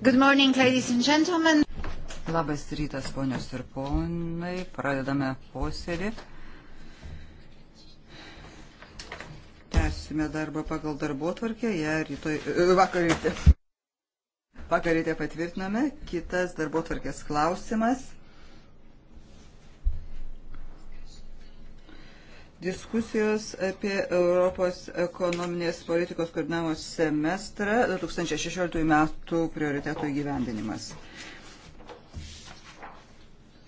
Good morning, ladies and gentlemen. Labas rytas, ponios ir ponai. Pradedame posėdį. Tęsime darbą pagal darbo tvarkę. Ja, rytoj, vakar e, ryte. Vakar ryte patvirtiname. Kitas darbo tvarkės klausimas. diskusijos apie Europos ekonominės politikos koordinavimo semestrą 2016 metų prioritetų įgyvendinimas.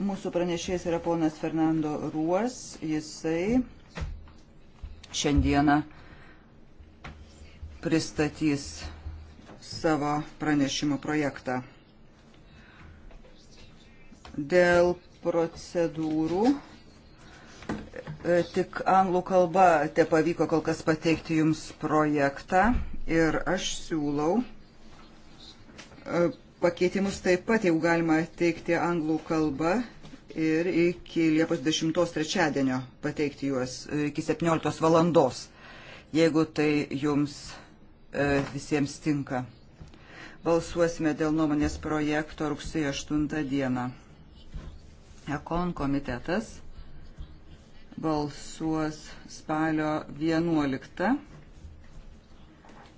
Mūsų pranešėjas yra ponas Fernando Ruos. Jisai šiandieną pristatys savo pranešimo projektą. Dėl procedūrų E, tik anglų kalba te pavyko kol kas pateikti jums projektą ir aš siūlau e, pakeitimus taip pat, jeigu galima teikti anglų kalbą ir iki Liepos 10 trečiadienio pateikti juos e, iki 17 valandos, jeigu tai jums visiems tinka. Balsuosime dėl nuomonės projekto rugsėjo 8 dieną. Ekon komitetas balsuos spalio 11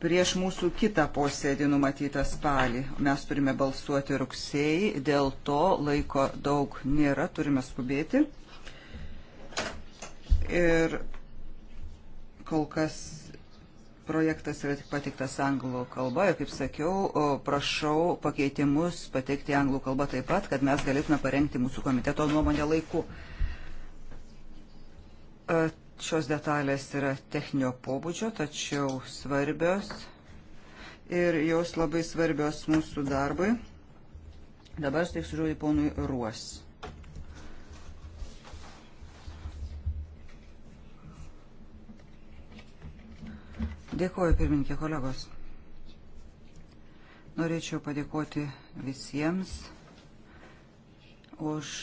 prieš mūsų kitą posėdį numatytą spalį. Mes turime balsuoti rugsėjai, dėl to laiko daug nėra, turime skubėti. Ir kol kas projektas yra tik patiktas anglų kalba ir, kaip sakiau, prašau pakeitimus pateikti anglų kalba taip pat, kad mes galėtume parengti mūsų komiteto nuomonę laiku. Šios detalės yra techninio pobūdžio, tačiau svarbios ir jos labai svarbios mūsų darbui. Dabar steiksiu žodį ponui Ruos. Dėkuoju, pirmininkė kolegos. Norėčiau padėkoti visiems už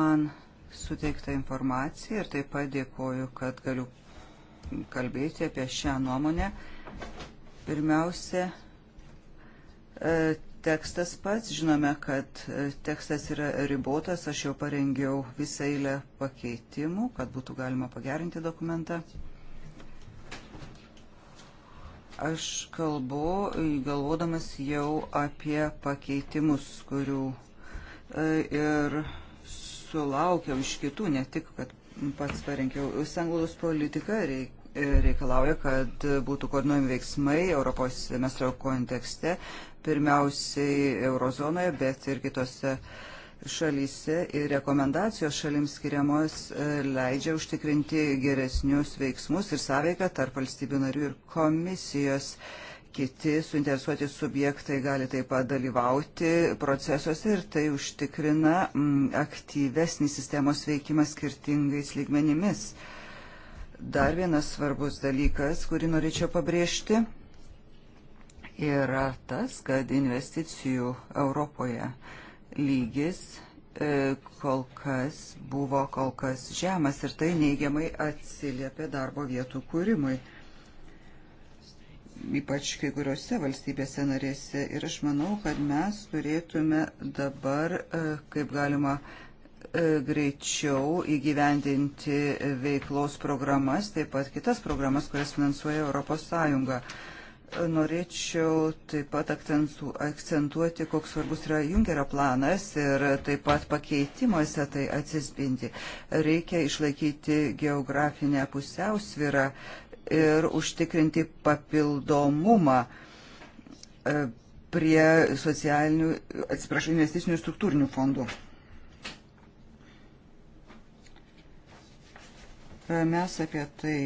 man suteiktą informaciją ir taip pat dėkoju, kad galiu kalbėti apie šią nuomonę. Pirmiausia, e, tekstas pats, žinome, kad e, tekstas yra ribotas, aš jau parengiau visą eilę pakeitimų, kad būtų galima pagerinti dokumentą. Aš kalbu, galvodamas jau apie pakeitimus, kurių e, ir sulaukiau iš kitų, ne tik, kad pats parinkiau. Sanglaudos politika reikalauja, kad būtų koordinuojami veiksmai Europos semestro kontekste, pirmiausiai eurozonoje, bet ir kitose šalyse ir rekomendacijos šalims skiriamos e, leidžia užtikrinti geresnius veiksmus ir sąveiką tarp valstybių narių ir komisijos. Uh, kiti suinteresuoti subjektai gali taip pat dalyvauti procesuose ir tai užtikrina mm, aktyvesnį sistemos veikimą skirtingais lygmenimis. Dar vienas svarbus dalykas, kurį norėčiau pabrėžti, yra tas, kad investicijų Europoje lygis e, kol kas buvo kol kas žemas ir tai neigiamai atsiliepia darbo vietų kūrimui ypač kai kuriuose valstybėse narėse. Ir aš manau, kad mes turėtume dabar, e, kaip galima e, greičiau įgyvendinti veiklos programas, taip pat kitas programas, kurias finansuoja ES. E, norėčiau taip pat akcentuoti, koks svarbus yra Jungerio planas ir taip pat pakeitimuose tai atsispindi. Reikia išlaikyti geografinę pusiausvyrą ir užtikrinti papildomumą e, prie socialinių, atsiprašau, investicinių struktūrinių fondų. E, mes apie tai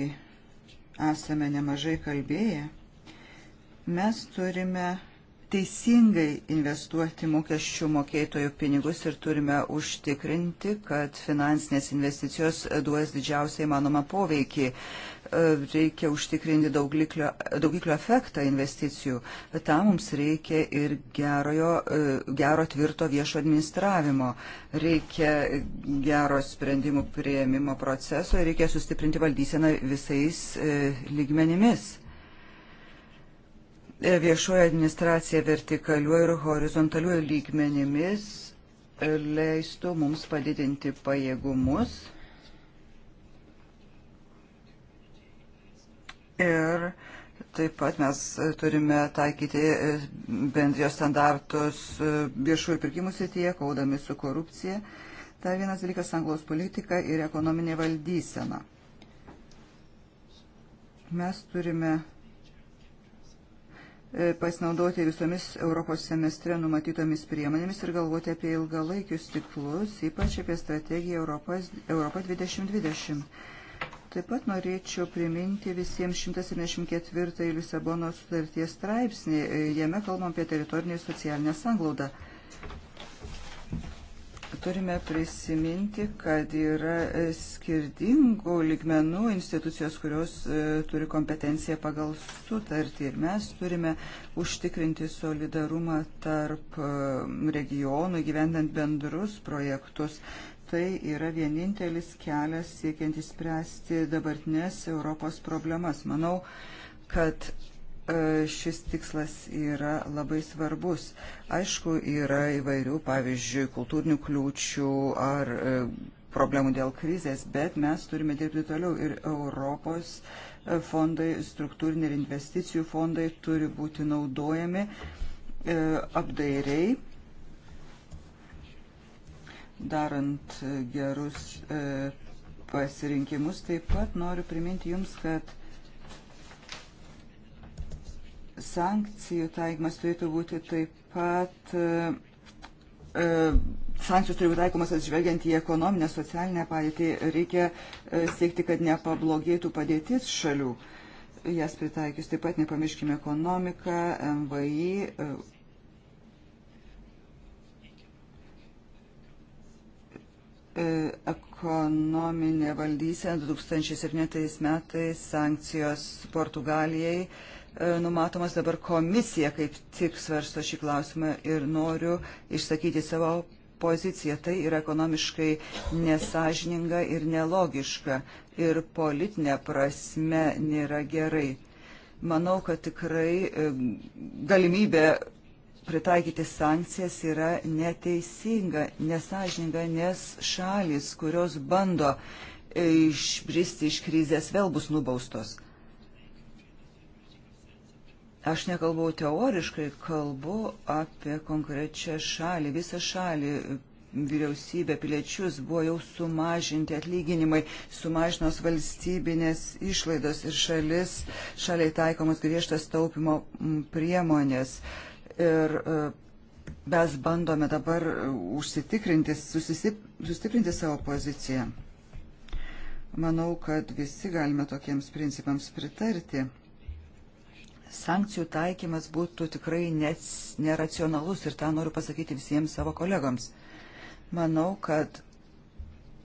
esame nemažai kalbėję. Mes turime teisingai investuoti mokesčių mokėtojų pinigus ir turime užtikrinti, kad finansinės investicijos duos didžiausiai manoma poveikį E, reikia užtikrinti daugliklio, daugiklio efektą investicijų. Tam mums reikia ir gerojo, e, gero tvirto viešo administravimo, reikia gero sprendimų prieimimo proceso ir reikia sustiprinti valdyseną visais e, lygmenimis viešoji administracija vertikaliuoju ir horizontaliuoju lygmenimis leistų mums padidinti pajėgumus Ir taip pat mes turime taikyti e, bendrijos standartus e, viešųjų pirkimų srityje, kaudami su korupcija. Tai vienas dalykas - anglos politika ir ekonominė valdysena. Mes turime e, pasinaudoti visomis Europos semestre numatytomis priemonėmis ir galvoti apie ilgalaikius tiklus, ypač apie strategiją Europas, Europa 2020 Taip pat norėčiau priminti visiems 174 Lisabono sutarties straipsnį. Jame kalbam apie teritorinį ir socialinę sanglaudą. Turime prisiminti, kad yra skirtingų ligmenų institucijos, kurios e, turi kompetenciją pagal sutartį. Ir mes turime užtikrinti solidarumą tarp e, regionų, gyvendant bendrus projektus tai yra vienintelis kelias siekiant įspręsti dabartinės Europos problemas. Manau, kad e, šis tikslas yra labai svarbus. Aišku, yra įvairių, pavyzdžiui, kultūrinių kliūčių ar e, problemų dėl krizės, bet mes turime dirbti toliau ir Europos e, fondai, struktūriniai ir investicijų fondai turi būti naudojami apdairiai darant gerus e, pasirinkimus. Taip pat noriu priminti Jums, kad sankcijų taikymas turėtų būti taip pat e, e, sankcijos turi būti taikomas atsižvelgiant į ekonominę, socialinę padėtį, reikia siekti, kad nepablogėtų padėtis šalių. Jas pritaikius taip pat nepamirškime ekonomiką, MVI, E, ekonominė valdysena 2017 metais sankcijos Portugalijai e, numatomas dabar komisija kaip tik svarsto šį klausimą ir noriu išsakyti savo poziciją. Tai yra ekonomiškai nesažininga ir nelogiška ir politinė prasme nėra gerai. Manau, kad tikrai e, galimybė pritaikyti sankcijas yra neteisinga, nesažininga, nes šalis, kurios bando išbristi iš krizės, vėl bus nubaustos. Aš nekalbau teoriškai, kalbu apie konkrečią šalį, visą šalį, vyriausybę, piliečius, buvo jau sumažinti atlyginimai, sumažinos valstybinės išlaidos ir šalis, šaliai taikomos griežtas taupimo priemonės. Uh, Ir e, mes bandome dabar užsitikrinti, sustiprinti savo poziciją. Manau, kad visi galime tokiems principams pritarti. Sankcijų taikymas būtų tikrai neracionalus ir tą noriu pasakyti visiems savo kolegoms. Manau, kad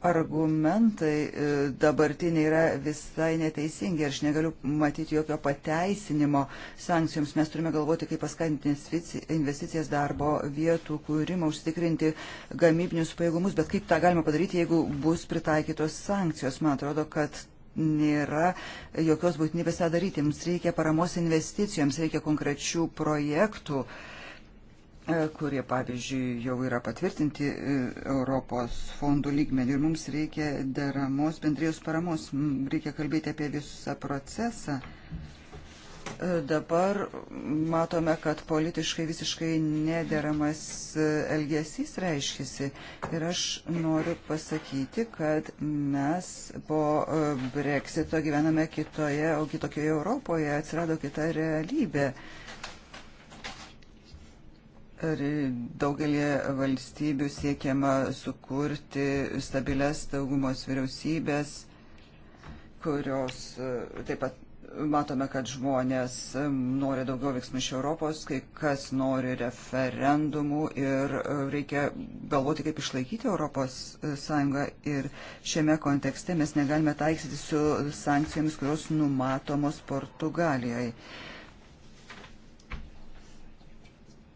argumentai e, dabartiniai yra visai neteisingi ir aš negaliu matyti jokio pateisinimo sankcijoms. Mes turime galvoti, kaip paskatinti investicijas darbo vietų kūrimą, užtikrinti gamybinius pajėgumus, bet kaip tą galima padaryti, jeigu bus pritaikytos sankcijos. Man atrodo, kad nėra jokios būtinybės tą daryti. Mums reikia paramos investicijoms, reikia konkrečių projektų. Uh, E, kurie, pavyzdžiui, jau yra patvirtinti e, Europos fondų lygmenį ir mums reikia deramos bendrijos paramos. Reikia kalbėti apie visą procesą. E, dabar matome, kad politiškai visiškai nederamas elgesys reiškiasi. Ir aš noriu pasakyti, kad mes po Brexito gyvename kitoje, o kitokioje Europoje atsirado kita realybė. Uh, Daugelį valstybių siekiama sukurti stabilės daugumos vyriausybės, kurios e, taip pat matome, kad žmonės e, nori daugiau veiksmų iš Europos, kai kas nori referendumų ir e, reikia galvoti, kaip išlaikyti Europos Sąjungą. Ir šiame kontekste mes negalime taiksyti su sankcijomis, kurios numatomos Portugalijoje.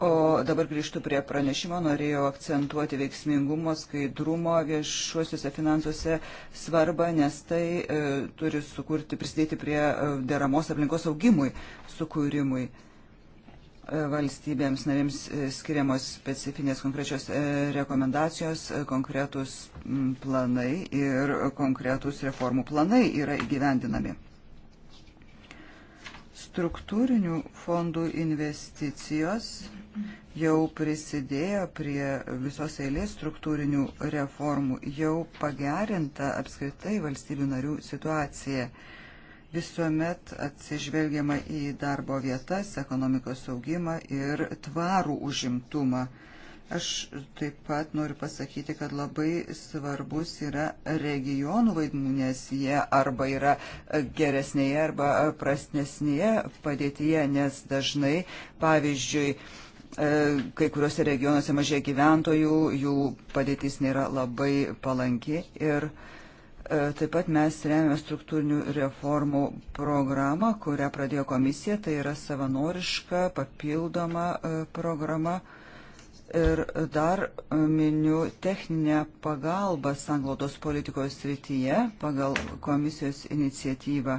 O dabar grįžtų prie pranešimo, norėjau akcentuoti veiksmingumo, skaidrumo viešuosiuose finansuose svarbą, nes tai e, turi sukurti, prisidėti prie e, deramos aplinkos augimui, sukūrimui. E, valstybėms narėms e, skiriamos specifinės konkrečios e, rekomendacijos, e, konkretus m, planai ir konkretus reformų planai yra įgyvendinami struktūrinių fondų investicijos jau prisidėjo prie visos eilės struktūrinių reformų, jau pagerinta apskritai valstybių narių situacija. Visuomet atsižvelgiama į darbo vietas, ekonomikos augimą ir tvarų užimtumą. Aš taip pat noriu pasakyti, kad labai svarbus yra regionų vaidmuo, nes jie arba yra geresnėje arba prastesnėje padėtyje, nes dažnai, pavyzdžiui, E, kai kuriuose regionuose mažėja gyventojų, jų padėtis nėra labai palanki ir e, taip pat mes remiame struktūrinių reformų programą, kurią pradėjo komisija, tai yra savanoriška, papildoma e, programa. Ir dar miniu techninę pagalbą sanglotos politikos srityje pagal komisijos iniciatyvą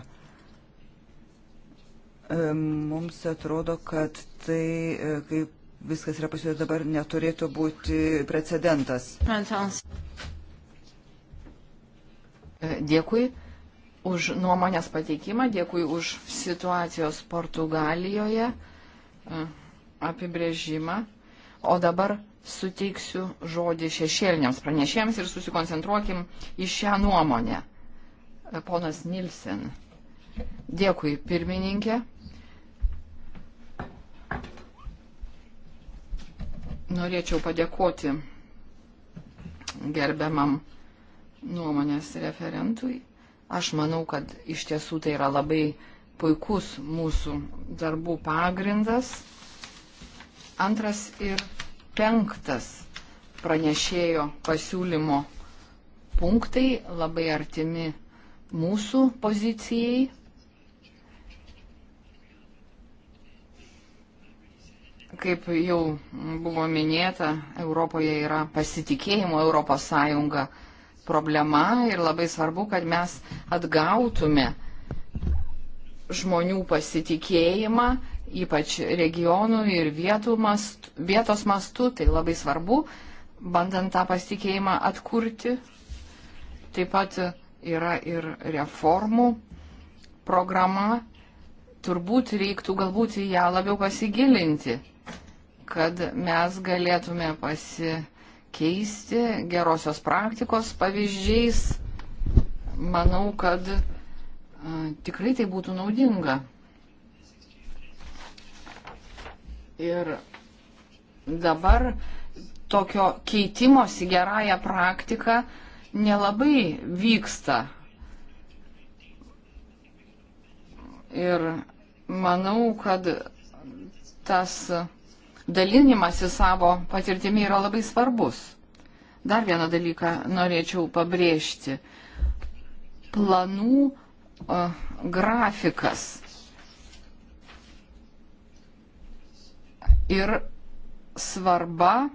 mums atrodo, kad tai kaip viskas yra pasiūlyta dabar, neturėtų būti precedentas. Dėkui už nuomonės pateikimą, dėkui už situacijos Portugalijoje e, apibrėžimą. O dabar suteiksiu žodį šešėliniams pranešėjams ir susikoncentruokim į šią nuomonę. E, ponas Nilsen. Dėkui, pirmininkė. Norėčiau padėkoti gerbiamam nuomonės referentui. Aš manau, kad iš tiesų tai yra labai puikus mūsų darbų pagrindas. Antras ir penktas pranešėjo pasiūlymo punktai labai artimi mūsų pozicijai. Kaip jau buvo minėta, Europoje yra pasitikėjimo Europos Sąjunga problema ir labai svarbu, kad mes atgautume žmonių pasitikėjimą, ypač regionų ir mastu, vietos mastų, tai labai svarbu, bandant tą pasitikėjimą atkurti. Taip pat yra ir reformų programa, turbūt reiktų galbūt į ją labiau pasigilinti kad mes galėtume pasikeisti gerosios praktikos pavyzdžiais. Manau, kad tikrai tai būtų naudinga. Ir dabar tokio keitimosi gerąją praktiką nelabai vyksta. Ir manau, kad tas uh, dalinimasis savo patirtimi yra labai svarbus. Dar vieną dalyką norėčiau pabrėžti. Planų o, e, grafikas. Ir svarba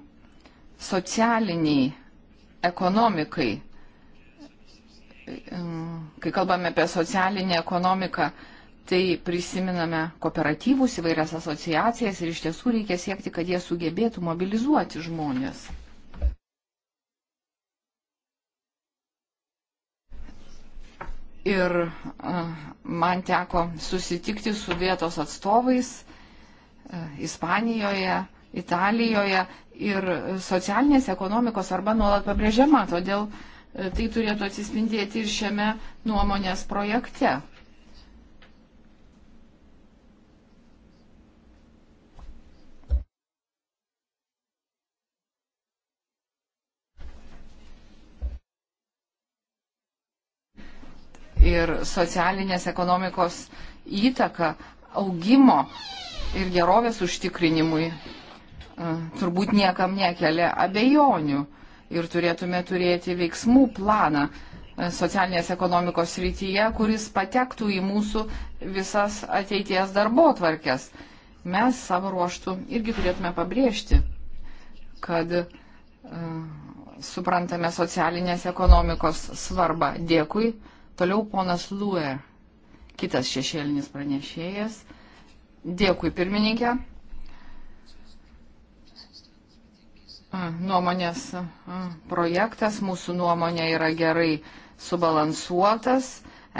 socialiniai ekonomikai. E, kai kalbame apie socialinę ekonomiką, tai prisiminame kooperatyvus įvairias asociacijas ir iš tiesų reikia siekti, kad jie sugebėtų mobilizuoti žmonės. Ir man teko susitikti su vietos atstovais Ispanijoje, Italijoje ir socialinės ekonomikos arba nuolat pabrėžiama, todėl tai turėtų atsispindėti ir šiame nuomonės projekte. ir socialinės ekonomikos įtaka augimo ir gerovės užtikrinimui e, turbūt niekam nekelia abejonių ir turėtume turėti veiksmų planą e, socialinės ekonomikos rytyje, kuris patektų į mūsų visas ateities darbo tvarkės. Mes savo ruoštų irgi turėtume pabrėžti, kad uh, suprantame socialinės ekonomikos svarbą. Dėkui. Toliau ponas Lue, kitas šešėlinis pranešėjas. Dėkui pirmininkė. Mm, nuomonės mm, projektas mūsų nuomonė yra gerai subalansuotas.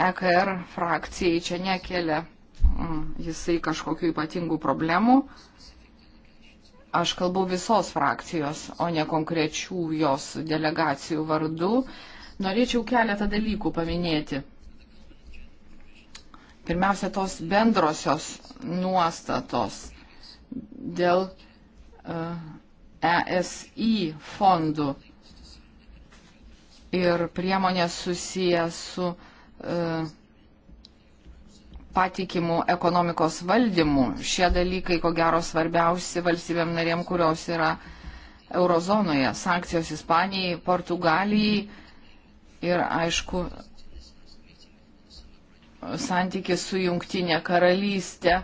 EKR frakcijai čia nekelia mm, jisai kažkokiu ypatingų problemų. Aš kalbu visos frakcijos, o ne konkrečių jos delegacijų vardu. Norėčiau keletą dalykų paminėti. Pirmiausia, tos bendrosios nuostatos dėl uh, e, ESI fondų ir priemonės susijęs su uh, e, patikimų ekonomikos valdymų. Šie dalykai, ko gero, svarbiausi valstybėm narėm, kurios yra eurozonoje. Sankcijos Ispanijai, Portugalijai ir aišku santykis su jungtinė karalystė.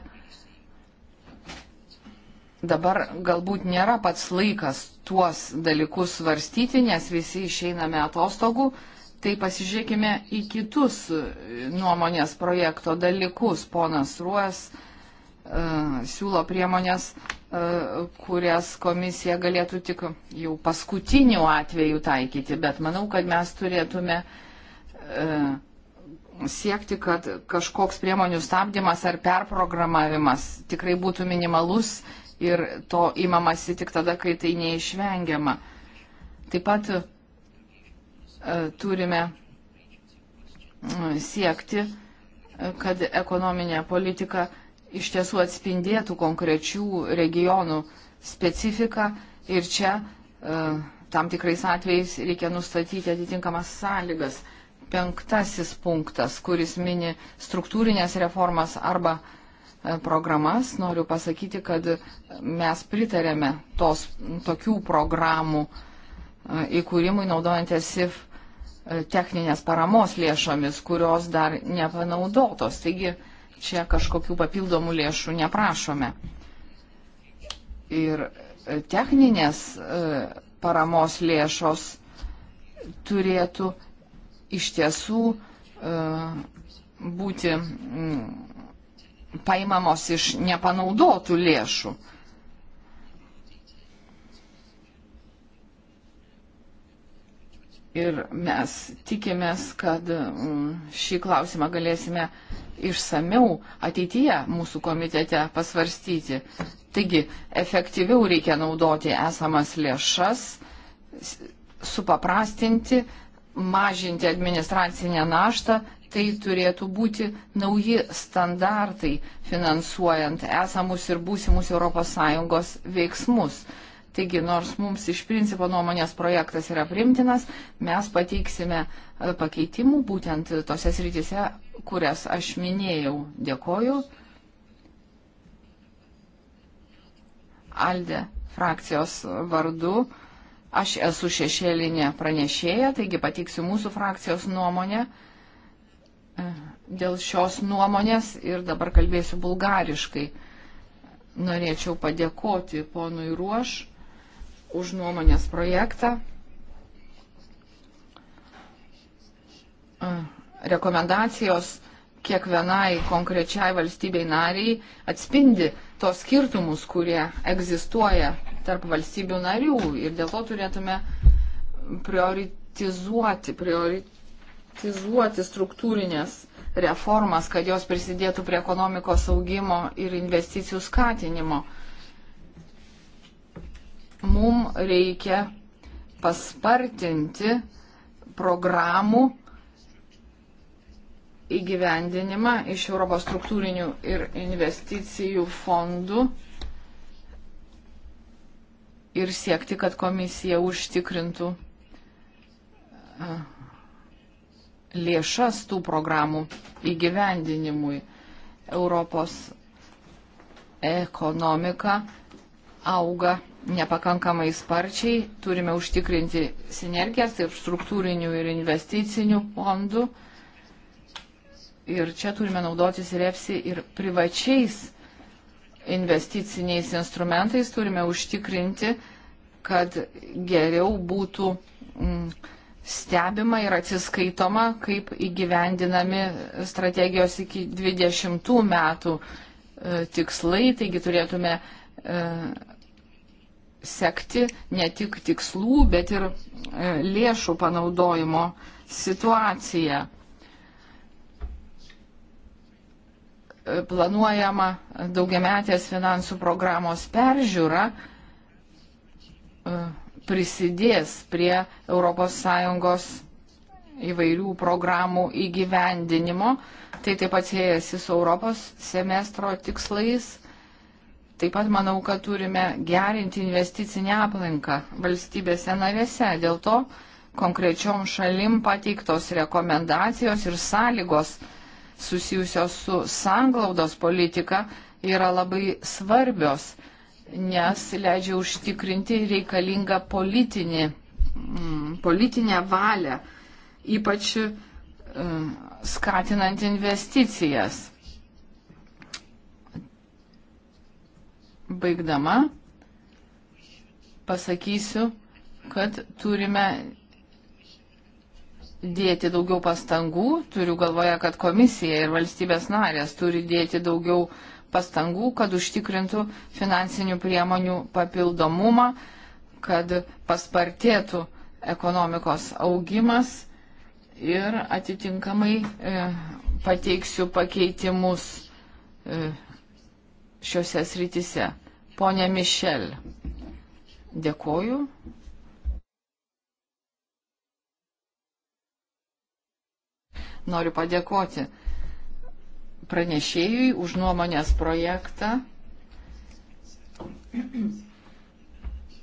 Dabar galbūt nėra pats laikas tuos dalykus svarstyti, nes visi išeiname atostogų, tai pasižiūrėkime į kitus nuomonės projekto dalykus. Ponas Ruos e, siūlo priemonės E, kurias komisija galėtų tik jau paskutinių atvejų taikyti, bet manau, kad mes turėtume e, siekti, kad kažkoks priemonių stabdymas ar perprogramavimas tikrai būtų minimalus ir to įmamasi tik tada, kai tai neišvengiama. Taip pat e, turime siekti, kad ekonominė politika iš tiesų atspindėtų konkrečių regionų specifiką ir čia e, tam tikrais atvejais reikia nustatyti atitinkamas sąlygas. Penktasis punktas, kuris mini struktūrinės reformas arba e, programas, noriu pasakyti, kad mes pritarėme tos, tokių programų e, įkūrimui naudojantės SIF techninės paramos lėšomis, kurios dar nepanaudotos. Taigi, čia kažkokių papildomų lėšų neprašome. Ir e, techninės e, paramos lėšos turėtų iš tiesų e, būti paimamos iš nepanaudotų lėšų. Ir mes tikimės, kad mm, šį klausimą galėsime išsameu ateityje mūsų komitete pasvarstyti. Taigi, efektyviau reikia naudoti esamas lėšas, supaprastinti, mažinti administracinę naštą. Tai turėtų būti nauji standartai finansuojant esamus ir būsimus ES veiksmus. Taigi, nors mums iš principo nuomonės projektas yra primtinas, mes pateiksime e, pakeitimų būtent tose srityse, kurias aš minėjau. Dėkoju. Alde frakcijos vardu. Aš esu šešėlinė pranešėja, taigi pateiksiu mūsų frakcijos nuomonę e, dėl šios nuomonės ir dabar kalbėsiu bulgariškai. Norėčiau padėkoti ponui Ruoš už nuomonės projektą. Rekomendacijos kiekvienai konkrečiai valstybei nariai atspindi tos skirtumus, kurie egzistuoja tarp valstybių narių ir dėl to turėtume prioritizuoti, prioritizuoti struktūrinės reformas, kad jos prisidėtų prie ekonomikos augimo ir investicijų skatinimo mums reikia paspartinti programų įgyvendinimą iš Europos struktūrinių ir investicijų fondų ir siekti, kad komisija užtikrintų lėšas tų programų įgyvendinimui. Europos ekonomika auga nepakankamai sparčiai, turime užtikrinti sinergijas tarp struktūrinių ir investicinių fondų. Ir čia turime naudotis repsi ir privačiais investiciniais instrumentais, turime užtikrinti, kad geriau būtų mm, stebima ir atsiskaitoma, kaip įgyvendinami strategijos iki 20 metų e, tikslai, taigi turėtume e, sekti ne tik tikslų, bet ir e, lėšų panaudojimo situaciją. E, planuojama daugiametės finansų programos peržiūra e, prisidės prie ES įvairių programų įgyvendinimo. Tai taip pat siejasi su Europos semestro tikslais Taip pat manau, kad turime gerinti investicinę aplinką valstybėse narėse. Dėl to konkrečiom šalim pateiktos rekomendacijos ir sąlygos susijusios su sanglaudos politika yra labai svarbios, nes leidžia užtikrinti reikalingą politinį, mm, politinę valią, ypač mm, skatinant investicijas baigdama pasakysiu, kad turime dėti daugiau pastangų, turiu galvoje, kad komisija ir valstybės narės turi dėti daugiau pastangų, kad užtikrintų finansinių priemonių papildomumą, kad paspartėtų ekonomikos augimas ir atitinkamai e, pateiksiu pakeitimus e, šiuose srityse. Pone Mišel, dėkoju. Noriu padėkoti pranešėjui už nuomonės projektą.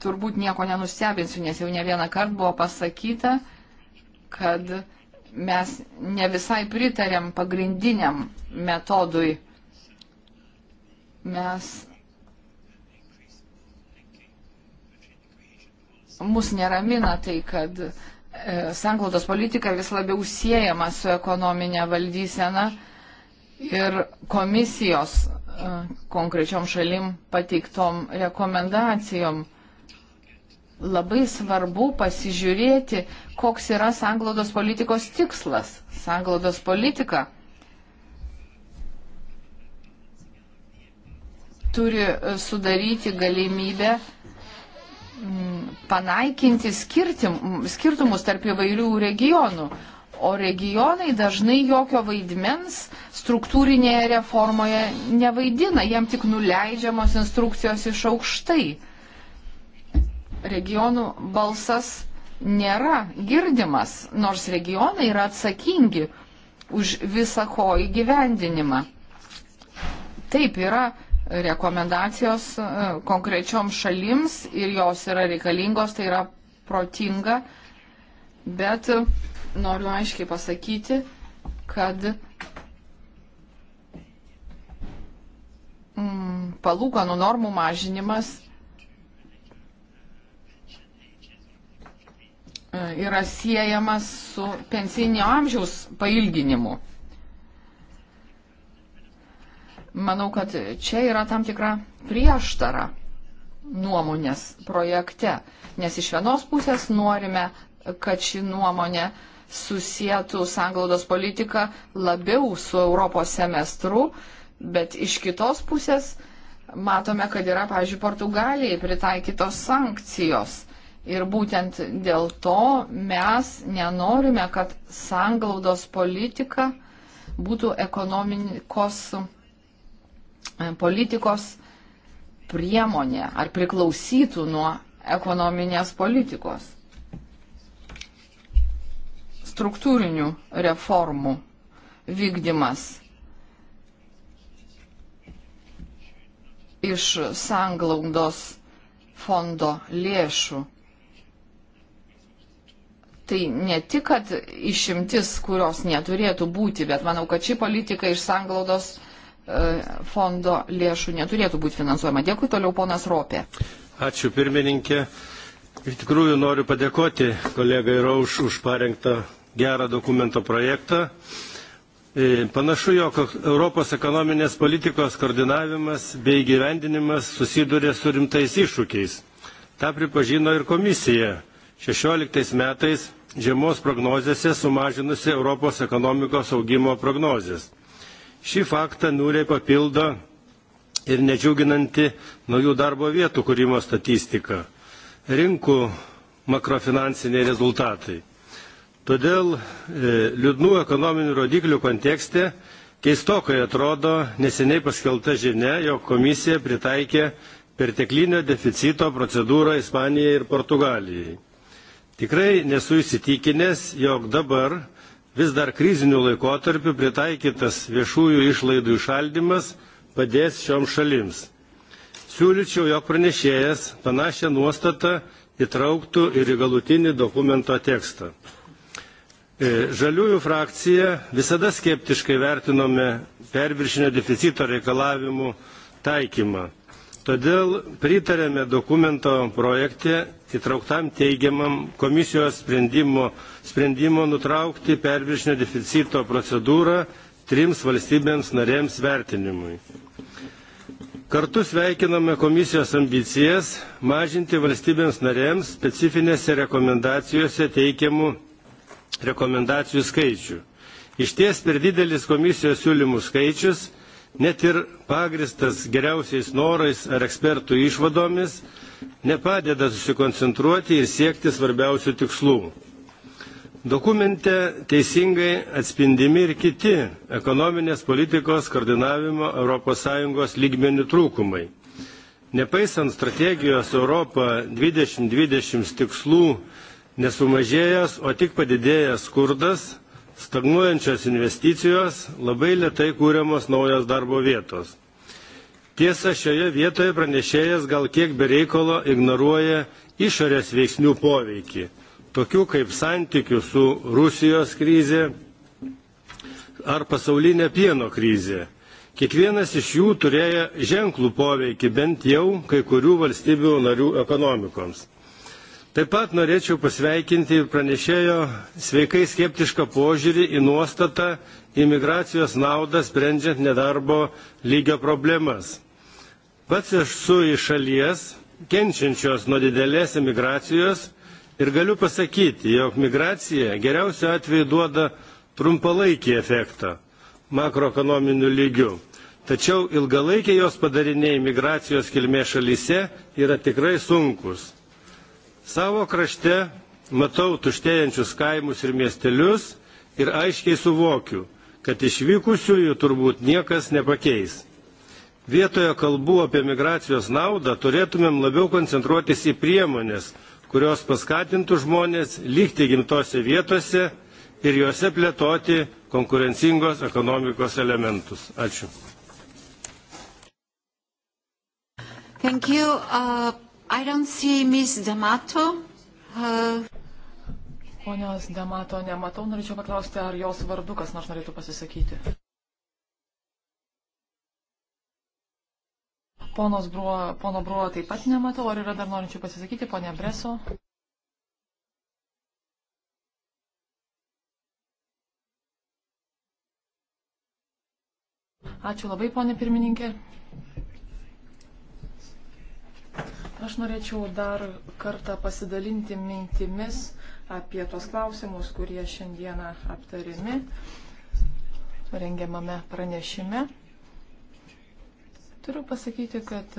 Turbūt nieko nenustebinsiu, nes jau ne vieną kartą buvo pasakyta, kad mes ne visai pritarėm pagrindiniam metodui mes mus neramina tai, kad e, sanglaudos politika vis labiau siejama su ekonominė valdysena ir komisijos e, konkrečiom šalim pateiktom rekomendacijom. Labai svarbu pasižiūrėti, koks yra sanglaudos politikos tikslas. Sanglaudos politika turi e, sudaryti galimybę mm, panaikinti skirtim, skirtumus tarp įvairių regionų. O regionai dažnai jokio vaidmens struktūrinėje reformoje nevaidina, jam tik nuleidžiamos instrukcijos iš aukštai. Regionų balsas nėra girdimas, nors regionai yra atsakingi už visą ko įgyvendinimą. Taip yra rekomendacijos e, konkrečioms šalims ir jos yra reikalingos, tai yra protinga, bet noriu aiškiai pasakyti, kad mm, palūkanų normų mažinimas e, yra siejamas su pensinio amžiaus pailginimu. Manau, kad čia yra tam tikra prieštara nuomonės projekte, nes iš vienos pusės norime, kad ši nuomonė susijėtų sanglaudos politiką labiau su Europos semestru, bet iš kitos pusės matome, kad yra, pavyzdžiui, Portugalijai pritaikytos sankcijos. Ir būtent dėl to mes nenorime, kad sanglaudos politika būtų ekonomikos politika E, politikos priemonė ar priklausytų nuo ekonominės politikos struktūrinių reformų vykdymas iš sanglaudos fondo lėšų. Tai ne tik, kad išimtis, kurios neturėtų būti, bet manau, kad ši politika iš sanglaudos E, fondo lėšų neturėtų būti finansuojama. Dėkui toliau, ponas Ropė. Ačiū pirmininkė. Iš tikrųjų noriu padėkoti kolegai Rauš už parengtą gerą dokumento projektą. E, panašu, jog Europos ekonominės politikos koordinavimas bei gyvendinimas susiduria su rimtais iššūkiais. Ta pripažino ir komisija 16 metais žiemos prognozėse sumažinusi Europos ekonomikos augimo prognozės. Šį faktą nūriai papildo ir nedžiuginanti naujų darbo vietų kūrimo statistika, rinkų makrofinansiniai rezultatai. Todėl e, liūdnų ekonominių rodiklių kontekste keistokai atrodo neseniai paskelta žinia, jog komisija pritaikė perteklinio deficito procedūrą Ispanijai ir Portugalijai. Tikrai nesu įsitikinęs, jog dabar vis dar kriziniu laikotarpiu pritaikytas viešųjų išlaidų išaldymas padės šioms šalims. Siūlyčiau, jog pranešėjas panašią nuostatą įtrauktų ir į galutinį dokumento tekstą. E, žaliųjų frakcija visada skeptiškai vertinome perviršinio deficito reikalavimų taikymą. Todėl pritarėme dokumento projekte įtrauktam teigiamam komisijos sprendimo, sprendimo nutraukti perviršinio deficito procedūrą trims valstybėms narėms vertinimui. Kartu sveikiname komisijos ambicijas mažinti valstybėms narėms specifinėse rekomendacijose teikiamų rekomendacijų skaičių. Išties per didelis komisijos siūlymų skaičius net ir pagristas geriausiais norais ar ekspertų išvadomis, nepadeda susikoncentruoti ir siekti svarbiausių tikslų. Dokumente teisingai atspindimi ir kiti ekonominės politikos koordinavimo ES lygmenių trūkumai. Nepaisant strategijos Europa 2020 tikslų nesumažėjęs, o tik padidėjęs skurdas, stagnuojančios investicijos, labai lietai kūriamos naujos darbo vietos. Tiesa, šioje vietoje pranešėjas gal kiek bereikalo ignoruoja išorės veiksnių poveikį, tokių kaip santykių su Rusijos krizė ar pasaulinė pieno krizė. Kiekvienas iš jų turėjo ženklų poveikį bent jau kai kurių valstybių narių ekonomikoms. Taip pat norėčiau pasveikinti ir pranešėjo sveikai skeptišką požiūrį į nuostatą imigracijos naudą sprendžiant nedarbo lygio problemas. Pats esu iš šalies, kenčiančios nuo didelės imigracijos ir galiu pasakyti, jog migracija geriausiu atveju duoda trumpalaikį efektą makroekonominiu lygiu. Tačiau ilgalaikiai jos padariniai migracijos kilmės šalyse yra tikrai sunkus Savo krašte matau tuštėjančius kaimus ir miestelius ir aiškiai suvokiu, kad išvykusiųjų turbūt niekas nepakeis. Vietoje kalbų apie migracijos naudą turėtumėm labiau koncentruotis į priemonės, kurios paskatintų žmonės likti gimtose vietose ir juose plėtoti konkurencingos ekonomikos elementus. Ačiū. Thank you. Uh... I don't see Miss D'Amato. Uh... Ponios D'Amato nematau, norėčiau paklausti, ar jos vardu kas nors norėtų pasisakyti. Ponos Bruo, pono Bruo taip pat nematau, ar yra dar norinčių pasisakyti, ponė Breso. Ačiū labai, ponė pirmininkė. Aš norėčiau dar kartą pasidalinti mintimis apie tos klausimus, kurie šiandieną aptarimi rengiamame pranešime. Turiu pasakyti, kad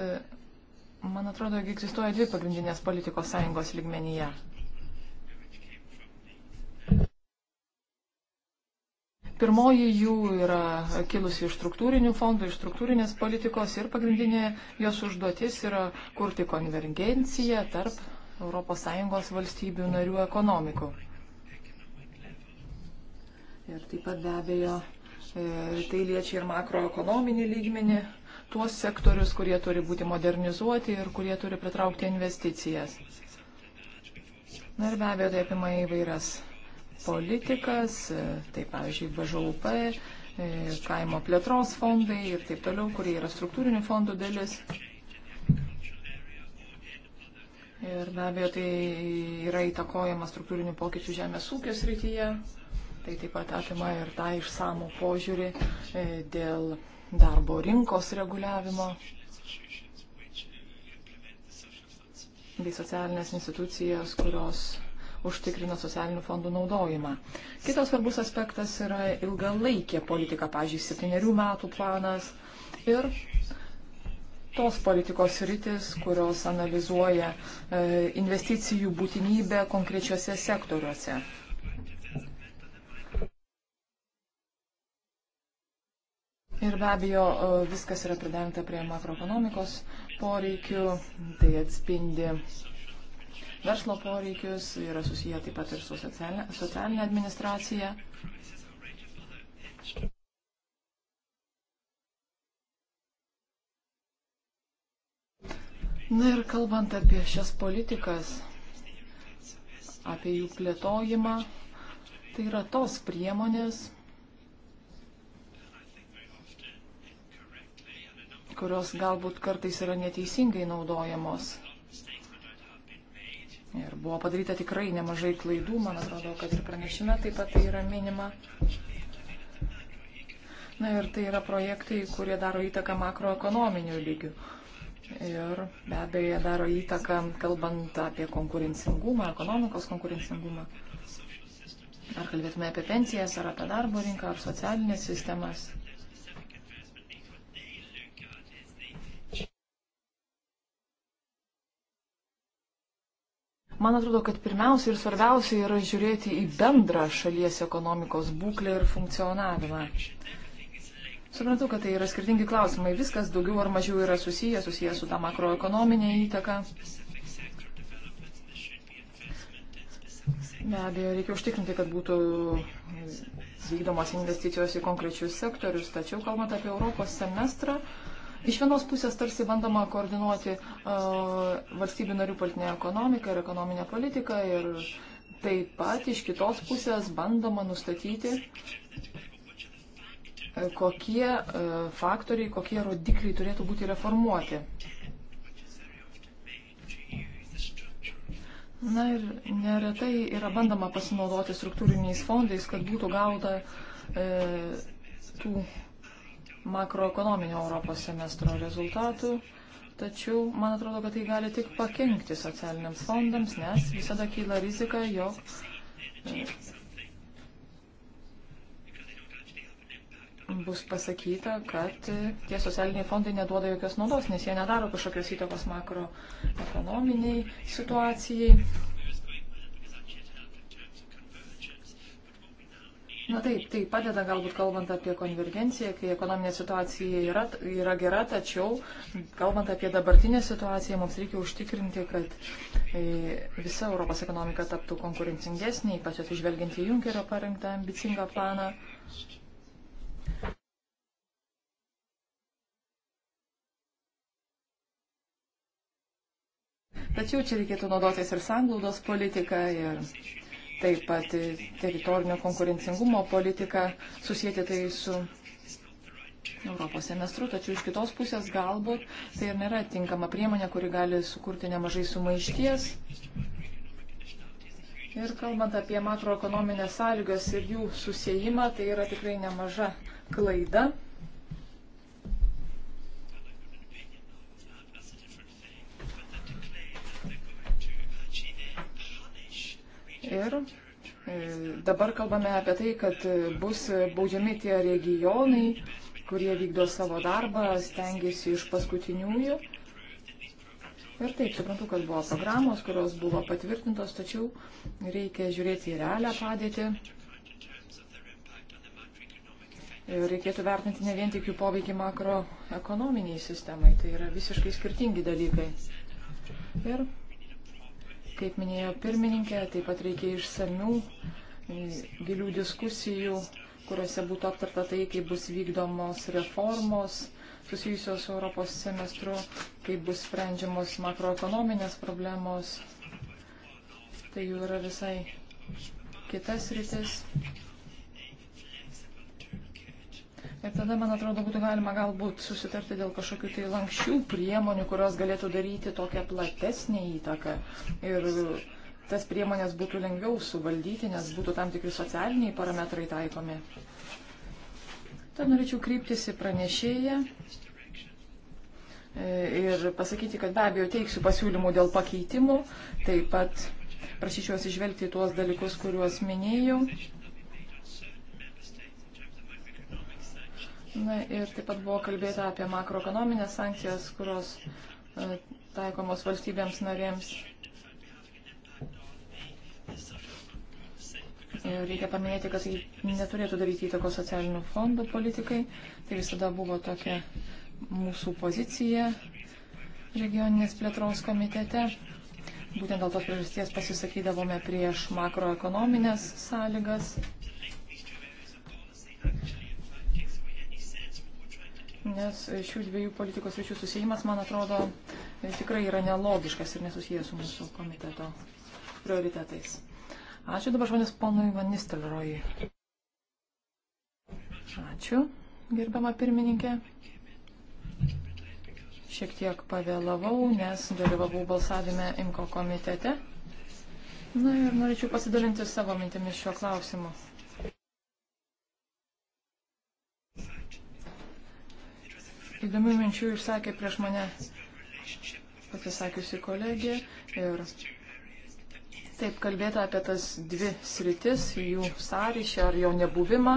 man atrodo, egzistuoja dvi pagrindinės politikos sąjungos lygmenyje. Pirmoji jų yra kilusi iš struktūrinių fondų, iš struktūrinės politikos ir pagrindinė jos užduotis yra kurti konvergenciją tarp ES valstybių narių ekonomikų. Ir taip pat be abejo, e, tai liečia ir makroekonominį lygmenį, tuos sektorius, kurie turi būti modernizuoti ir kurie turi pritraukti investicijas. Na ir be abejo, tai apima įvairias politikas, e, tai pavyzdžiui, BŽUP, e, kaimo plėtros fondai ir taip toliau, kurie yra struktūrinių fondų dalis. Ir be abejo, tai yra įtakojama struktūrinių pokyčių žemės ūkio srityje. Tai taip pat atima ir tą išsamų požiūrį e, dėl darbo rinkos reguliavimo bei socialinės institucijas, kurios užtikrina socialinių fondų naudojimą. Kitas svarbus aspektas yra ilgalaikė politika, pažiūrėjau, septyniarių metų planas ir tos politikos rytis, kurios analizuoja e, investicijų būtinybę konkrečiuose sektoriuose. Ir be abejo, e, viskas yra pridengta prie makroekonomikos poreikių, tai atspindi verslo poreikius, yra susiję taip pat ir su socialinė, socialinė administracija. Na ir kalbant apie šias politikas, apie jų plėtojimą, tai yra tos priemonės, kurios galbūt kartais yra neteisingai naudojamos. Ir buvo padaryta tikrai nemažai klaidų, man atrodo, kad ir pranešime taip pat tai yra minima. Na ir tai yra projektai, kurie daro įtaką makroekonominių lygių. Ir be abejo daro įtaką, kalbant apie konkurencingumą, ekonomikos konkurencingumą. Ar kalbėtume apie pensijas, ar apie darbo rinką, ar socialinės sistemas. Man atrodo, kad pirmiausia ir svarbiausia yra žiūrėti į bendrą šalies ekonomikos būklę ir funkcionavimą. Suprantu, kad tai yra skirtingi klausimai. Viskas daugiau ar mažiau yra susiję, susiję su tą makroekonominė įtaka. Be abejo, reikia užtikrinti, kad būtų vykdomos investicijos į konkrečius sektorius. Tačiau, kalbant apie Europos semestrą, uh, Iš vienos pusės tarsi bandoma koordinuoti uh, valstybių narių politinę ekonomiką ir ekonominę politiką ir taip pat iš kitos pusės bandoma nustatyti, e, kokie uh, faktoriai, kokie rodikliai turėtų būti reformuoti. Na ir neretai yra bandoma pasinaudoti struktūriniais fondais, kad būtų gauta e, tų makroekonominio Europos semestro rezultatų, tačiau man atrodo, kad tai gali tik pakengti socialiniams fondams, nes visada kyla rizika, jog e, bus pasakyta, kad tie socialiniai fondai neduoda jokios naudos, nes jie nedaro kažkokios įtakos makroekonominiai situacijai. Na taip, tai padeda galbūt kalbant apie konvergenciją, kai ekonominė situacija yra, yra gera, tačiau kalbant apie dabartinę situaciją, mums reikia užtikrinti, kad e, visa Europos ekonomika taptų konkurencingesnė, ypač atsižvelgiant į Junkerio parengtą ambicingą planą. Tačiau čia reikėtų naudotis ir sanglaudos politiką, ir taip pat teritorinio konkurencingumo politiką, susijęti tai su Europos semestru, tačiau iš kitos pusės galbūt tai ir nėra tinkama priemonė, kuri gali sukurti nemažai sumaišties. Ir kalbant apie makroekonominės sąlygas ir jų susijimą, tai yra tikrai nemaža klaida. Ir e, dabar kalbame apie tai, kad bus baudžiami tie regionai, kurie vykdo savo darbą, stengiasi iš paskutiniųjų. Ir taip, suprantu, kad buvo programos, kurios buvo patvirtintos, tačiau reikia žiūrėti į realią padėtį. Ir reikėtų vertinti ne vien tik jų poveikį makroekonominiai sistemai, tai yra visiškai skirtingi dalykai. Ir Kaip minėjo pirmininkė, taip pat reikia išsamių, e, gilių diskusijų, kuriuose būtų aptarta tai, kaip bus vykdomos reformos susijusios su Europos semestru, kaip bus sprendžiamos makroekonominės problemos. Tai jau yra visai kitas rytis. Ir tada, man atrodo, būtų galima galbūt susitarti dėl kažkokių tai lankščių priemonių, kurios galėtų daryti tokią platesnį įtaką. Ir tas priemonės būtų lengviau suvaldyti, nes būtų tam tikri socialiniai parametrai taikomi. Tad norėčiau kryptis į pranešėją e, ir pasakyti, kad be abejo teiksiu pasiūlymų dėl pakeitimų. Taip pat prašyčiau atsižvelgti į tuos dalykus, kuriuos minėjau. Na ir taip pat buvo kalbėta apie makroekonominės sankcijas, kurios e, taikomos valstybėms narėms. Ir reikia paminėti, kad tai neturėtų daryti įtakos socialinių fondų politikai. Tai visada buvo tokia mūsų pozicija regioninės plėtros komitete. Būtent dėl tos priežasties pasisakydavome prieš makroekonominės sąlygas nes šių dviejų politikos ryšių susijimas, man atrodo, tikrai yra nelogiškas ir nesusijęs su mūsų komiteto prioritetais. Ačiū dabar žodis ponui Van Nistelroj. Ačiū, gerbiama pirmininkė. Šiek tiek pavėlavau, nes dalyvavau balsavime IMKO komitete. Na ir norėčiau pasidalinti savo mintimis šiuo klausimu. Įdomių minčių išsakė prieš mane pasisakiusi kolegė ir taip kalbėta apie tas dvi sritis, jų sąryšį ar jo nebuvimą.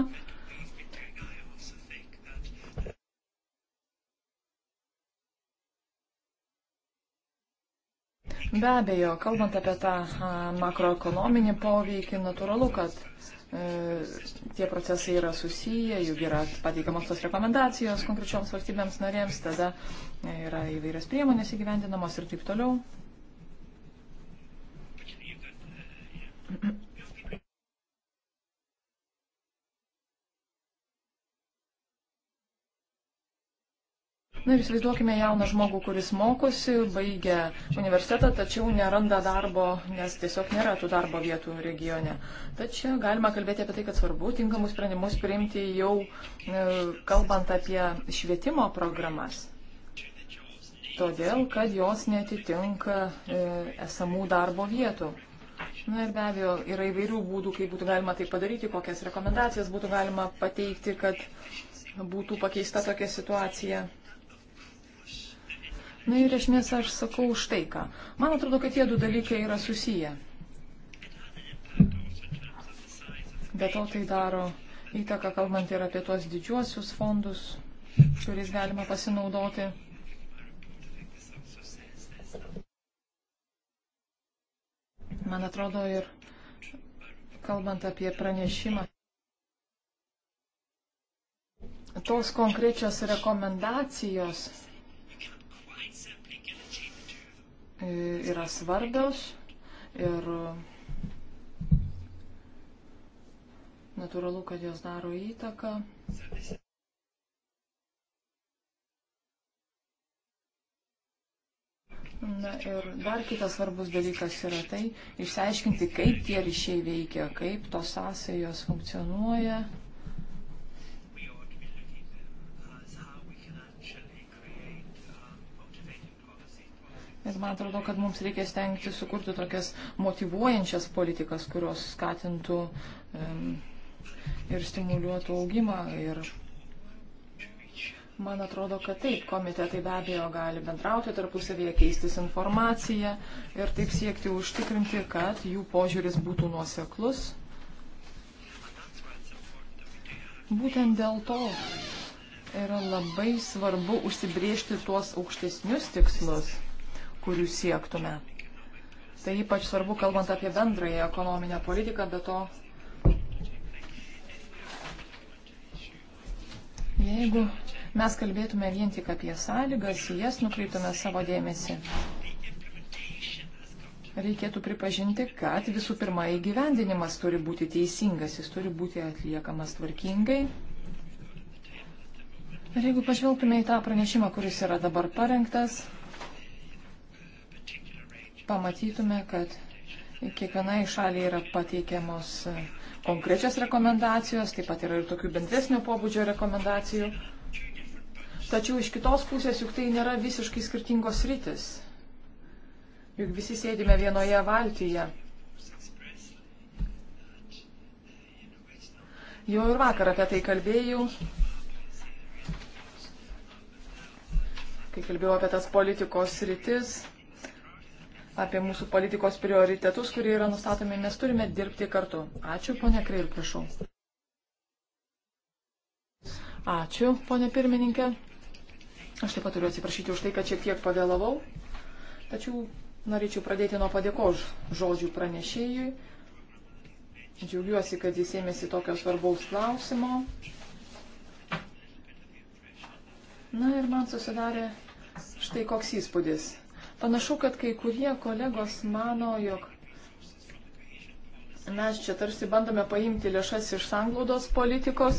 Be abejo, kalbant apie tą makroekonominį poveikį, natūralu, kad E, tie procesai yra susiję, juk yra pateikiamos tos rekomendacijos konkrečioms valstybėms narėms, tada e, yra įvairios priemonės įgyvendinamos ir taip toliau. Na ir įsivaizduokime jauną žmogų, kuris mokosi, baigia universitetą, tačiau neranda darbo, nes tiesiog nėra tų darbo vietų regione. Tačiau galima kalbėti apie tai, kad svarbu tinkamus sprendimus priimti jau e, kalbant apie švietimo programas. Todėl, kad jos netitinka e, esamų darbo vietų. Na ir be abejo, yra įvairių būdų, kaip būtų galima tai padaryti, kokias rekomendacijas būtų galima pateikti, kad būtų pakeista tokia situacija. Na ir esmės aš sakau už tai, ką. Man atrodo, kad tie du dalykai yra susiję. Bet to tai daro įtaką, kalbant ir apie tuos didžiuosius fondus, kuriais galima pasinaudoti. Man atrodo ir kalbant apie pranešimą. Tos konkrečios rekomendacijos yra svarbios ir natūralu, kad jos daro įtaką. Na ir dar kitas svarbus dalykas yra tai, išsiaiškinti, kaip tie ryšiai veikia, kaip tos sąsajos funkcionuoja. Ir man atrodo, kad mums reikia stengti sukurti tokias motivuojančias politikas, kurios skatintų um, ir stimuliuotų augimą. Ir man atrodo, kad taip, komitetai be abejo gali bendrauti tarpusavėje, keistis informaciją ir taip siekti užtikrinti, kad jų požiūris būtų nuoseklus. Būtent dėl to yra labai svarbu užsibriežti tuos aukštesnius tikslus kurių siektume. Tai ypač svarbu, kalbant apie bendrąją ekonominę politiką, bet to, jeigu mes kalbėtume vien tik apie sąlygas, jas nukreiptume savo dėmesį, reikėtų pripažinti, kad visų pirma įgyvendinimas turi būti teisingas, jis turi būti atliekamas tvarkingai. Ir jeigu pažvelgtume į tą pranešimą, kuris yra dabar parengtas, pamatytume, kad kiekvienai šaliai yra pateikiamos e, konkrečios rekomendacijos, taip pat yra ir tokių bendresnio pobūdžio rekomendacijų. Tačiau iš kitos pusės juk tai nėra visiškai skirtingos rytis. Juk visi sėdime vienoje valtyje. Jau ir vakar apie tai kalbėjau, kai kalbėjau apie tas politikos rytis apie mūsų politikos prioritetus, kurie yra nustatomi, nes turime dirbti kartu. Ačiū, ponia Kreil, prašau. Ačiū, ponia pirmininkė. Aš taip pat turiu atsiprašyti už tai, kad šiek tiek pavėlavau. Tačiau norėčiau pradėti nuo padėkos žodžių pranešėjui. Džiaugiuosi, kad jis ėmėsi tokio svarbaus klausimo. Na ir man susidarė štai koks įspūdis. Panašu, kad kai kurie kolegos mano, jog mes čia tarsi bandome paimti lėšas iš sanglaudos politikos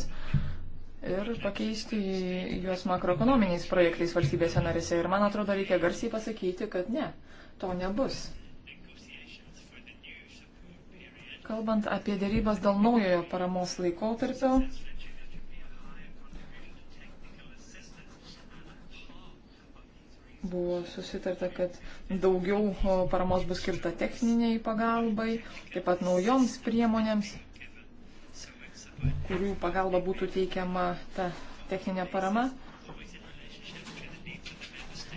ir pakeisti juos makroekonominiais projektais valstybėse narėse. Ir man atrodo, reikia garsiai pasakyti, kad ne, to nebus. Kalbant apie dėrybas dėl naujojo paramos laikotarpio, Buvo susitarta, kad daugiau paramos bus skirta techniniai pagalbai, taip pat naujoms priemonėms, kurių pagalba būtų teikiama ta techninė parama.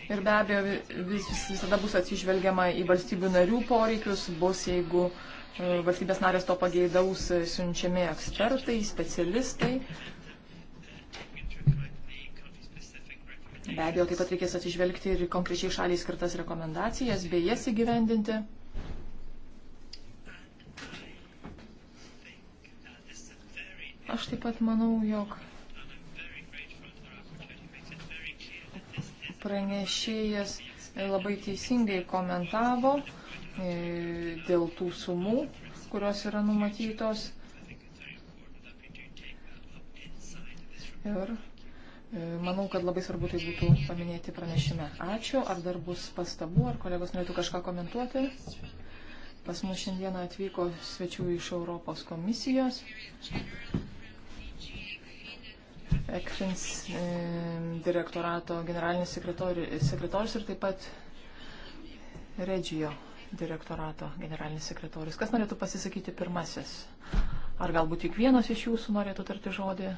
Ir be abejo, vis, visada bus atsižvelgiama į valstybių narių poreikius, bus jeigu e, valstybės narės to pageidaus siunčiami ekspertai, specialistai. Be abejo, taip pat reikės atsižvelgti ir konkrečiai šaliai skirtas rekomendacijas, bei jas įgyvendinti. Aš taip pat manau, jog pranešėjas labai teisingai komentavo e, dėl tų sumų, kurios yra numatytos. Ir E, manau, kad labai svarbu tai būtų paminėti pranešime. Ačiū. Ar dar bus pastabų, ar kolegos norėtų kažką komentuoti? Pas mus šiandieną atvyko svečių iš Europos komisijos. ECFINS e, direktorato generalinis sekretorius ir taip pat Regio direktorato generalinis sekretorius. Kas norėtų pasisakyti pirmasis? Ar galbūt tik vienas iš jūsų norėtų tarti žodį?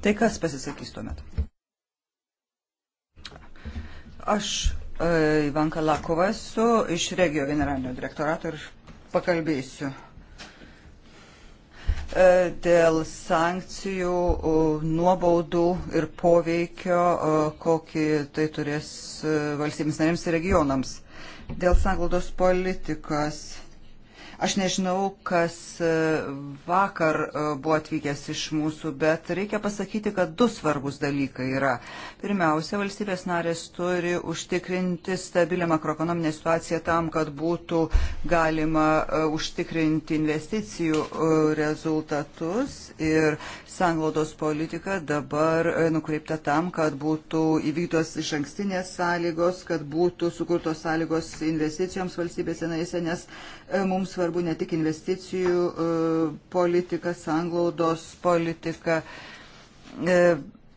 Tai kas pasisakys tuomet? Aš e, Ivanka Lakova esu iš regio generalinio direktorato ir pakalbėsiu e, dėl sankcijų, nuobaudų ir poveikio, kokį tai turės e, valstybės narėms ir regionams. Dėl sanglaudos politikos Aš nežinau, kas e, vakar e, buvo atvykęs iš mūsų, bet reikia pasakyti, kad du svarbus dalykai yra. Pirmiausia, valstybės narės turi užtikrinti stabilią makroekonominę situaciją tam, kad būtų galima e, užtikrinti investicijų rezultatus ir sanglaudos politika dabar e, nukreipta tam, kad būtų įvyktos iš ankstinės sąlygos, kad būtų sukurtos sąlygos investicijoms valstybėse naise, nes e, mums svarbu ne tik investicijų e, politika, sanglaudos politika,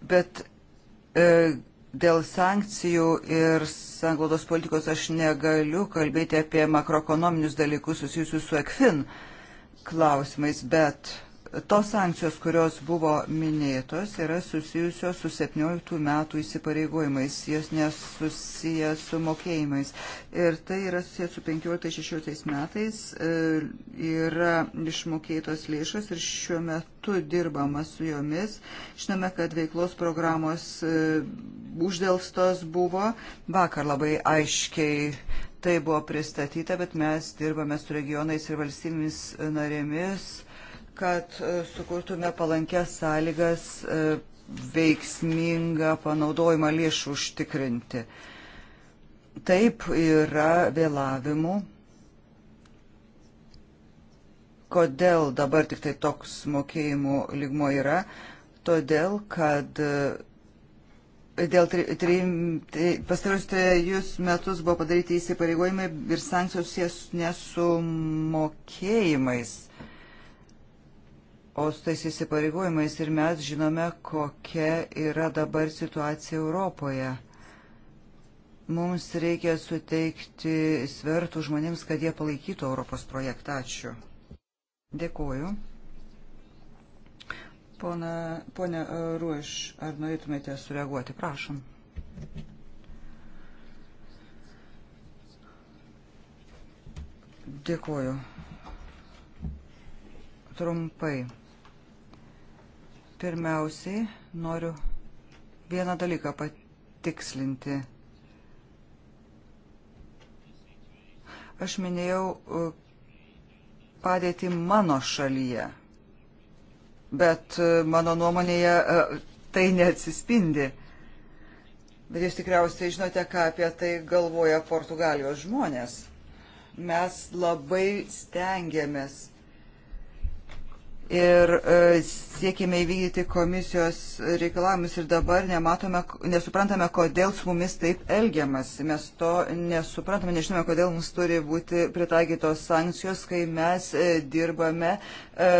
bet dėl sankcijų ir sanglaudos politikos aš negaliu kalbėti apie makroekonominius dalykus susijusius su ECFIN klausimais, bet Tos sankcijos, kurios buvo minėtos, yra susijusios su 17 metų įsipareigojimais, jos nesusiję su mokėjimais. Ir tai yra susiję su 15-16 metais, e, yra išmokėtos lėšos ir šiuo metu dirbama su jomis. Žinome, kad veiklos programos e, uždėlstos buvo, vakar labai aiškiai tai buvo pristatyta, bet mes dirbame su regionais ir valstybėmis narėmis kad e, sukurtume palankės sąlygas e, veiksmingą panaudojimą lėšų užtikrinti. Taip yra vėlavimų. Kodėl dabar tik tai toks mokėjimų lygmo yra? Todėl, kad e, dėl pastarus trejus metus buvo padaryti įsipareigojimai ir sankcijos jas nesumokėjimais. mokėjimais o su tais įsipareigojimais ir mes žinome, kokia yra dabar situacija Europoje. Mums reikia suteikti svertų žmonėms, kad jie palaikytų Europos projektą. Ačiū. Dėkuoju. Pona, pone e, Ruiš, ar norėtumėte sureaguoti? Prašom. Dėkuoju. Trumpai. Pirmiausiai noriu vieną dalyką patikslinti. Aš minėjau e, padėti mano šalyje, bet e, mano nuomonėje e, tai neatsispindi. Bet jūs tikriausiai žinote, ką apie tai galvoja Portugalijos žmonės. Mes labai stengiamės ir e, siekime įvykdyti komisijos reikalavimus ir dabar nematome, nesuprantame, kodėl su mumis taip elgiamas. Mes to nesuprantame, nežinome, kodėl mums turi būti pritaikytos sankcijos, kai mes e, dirbame e,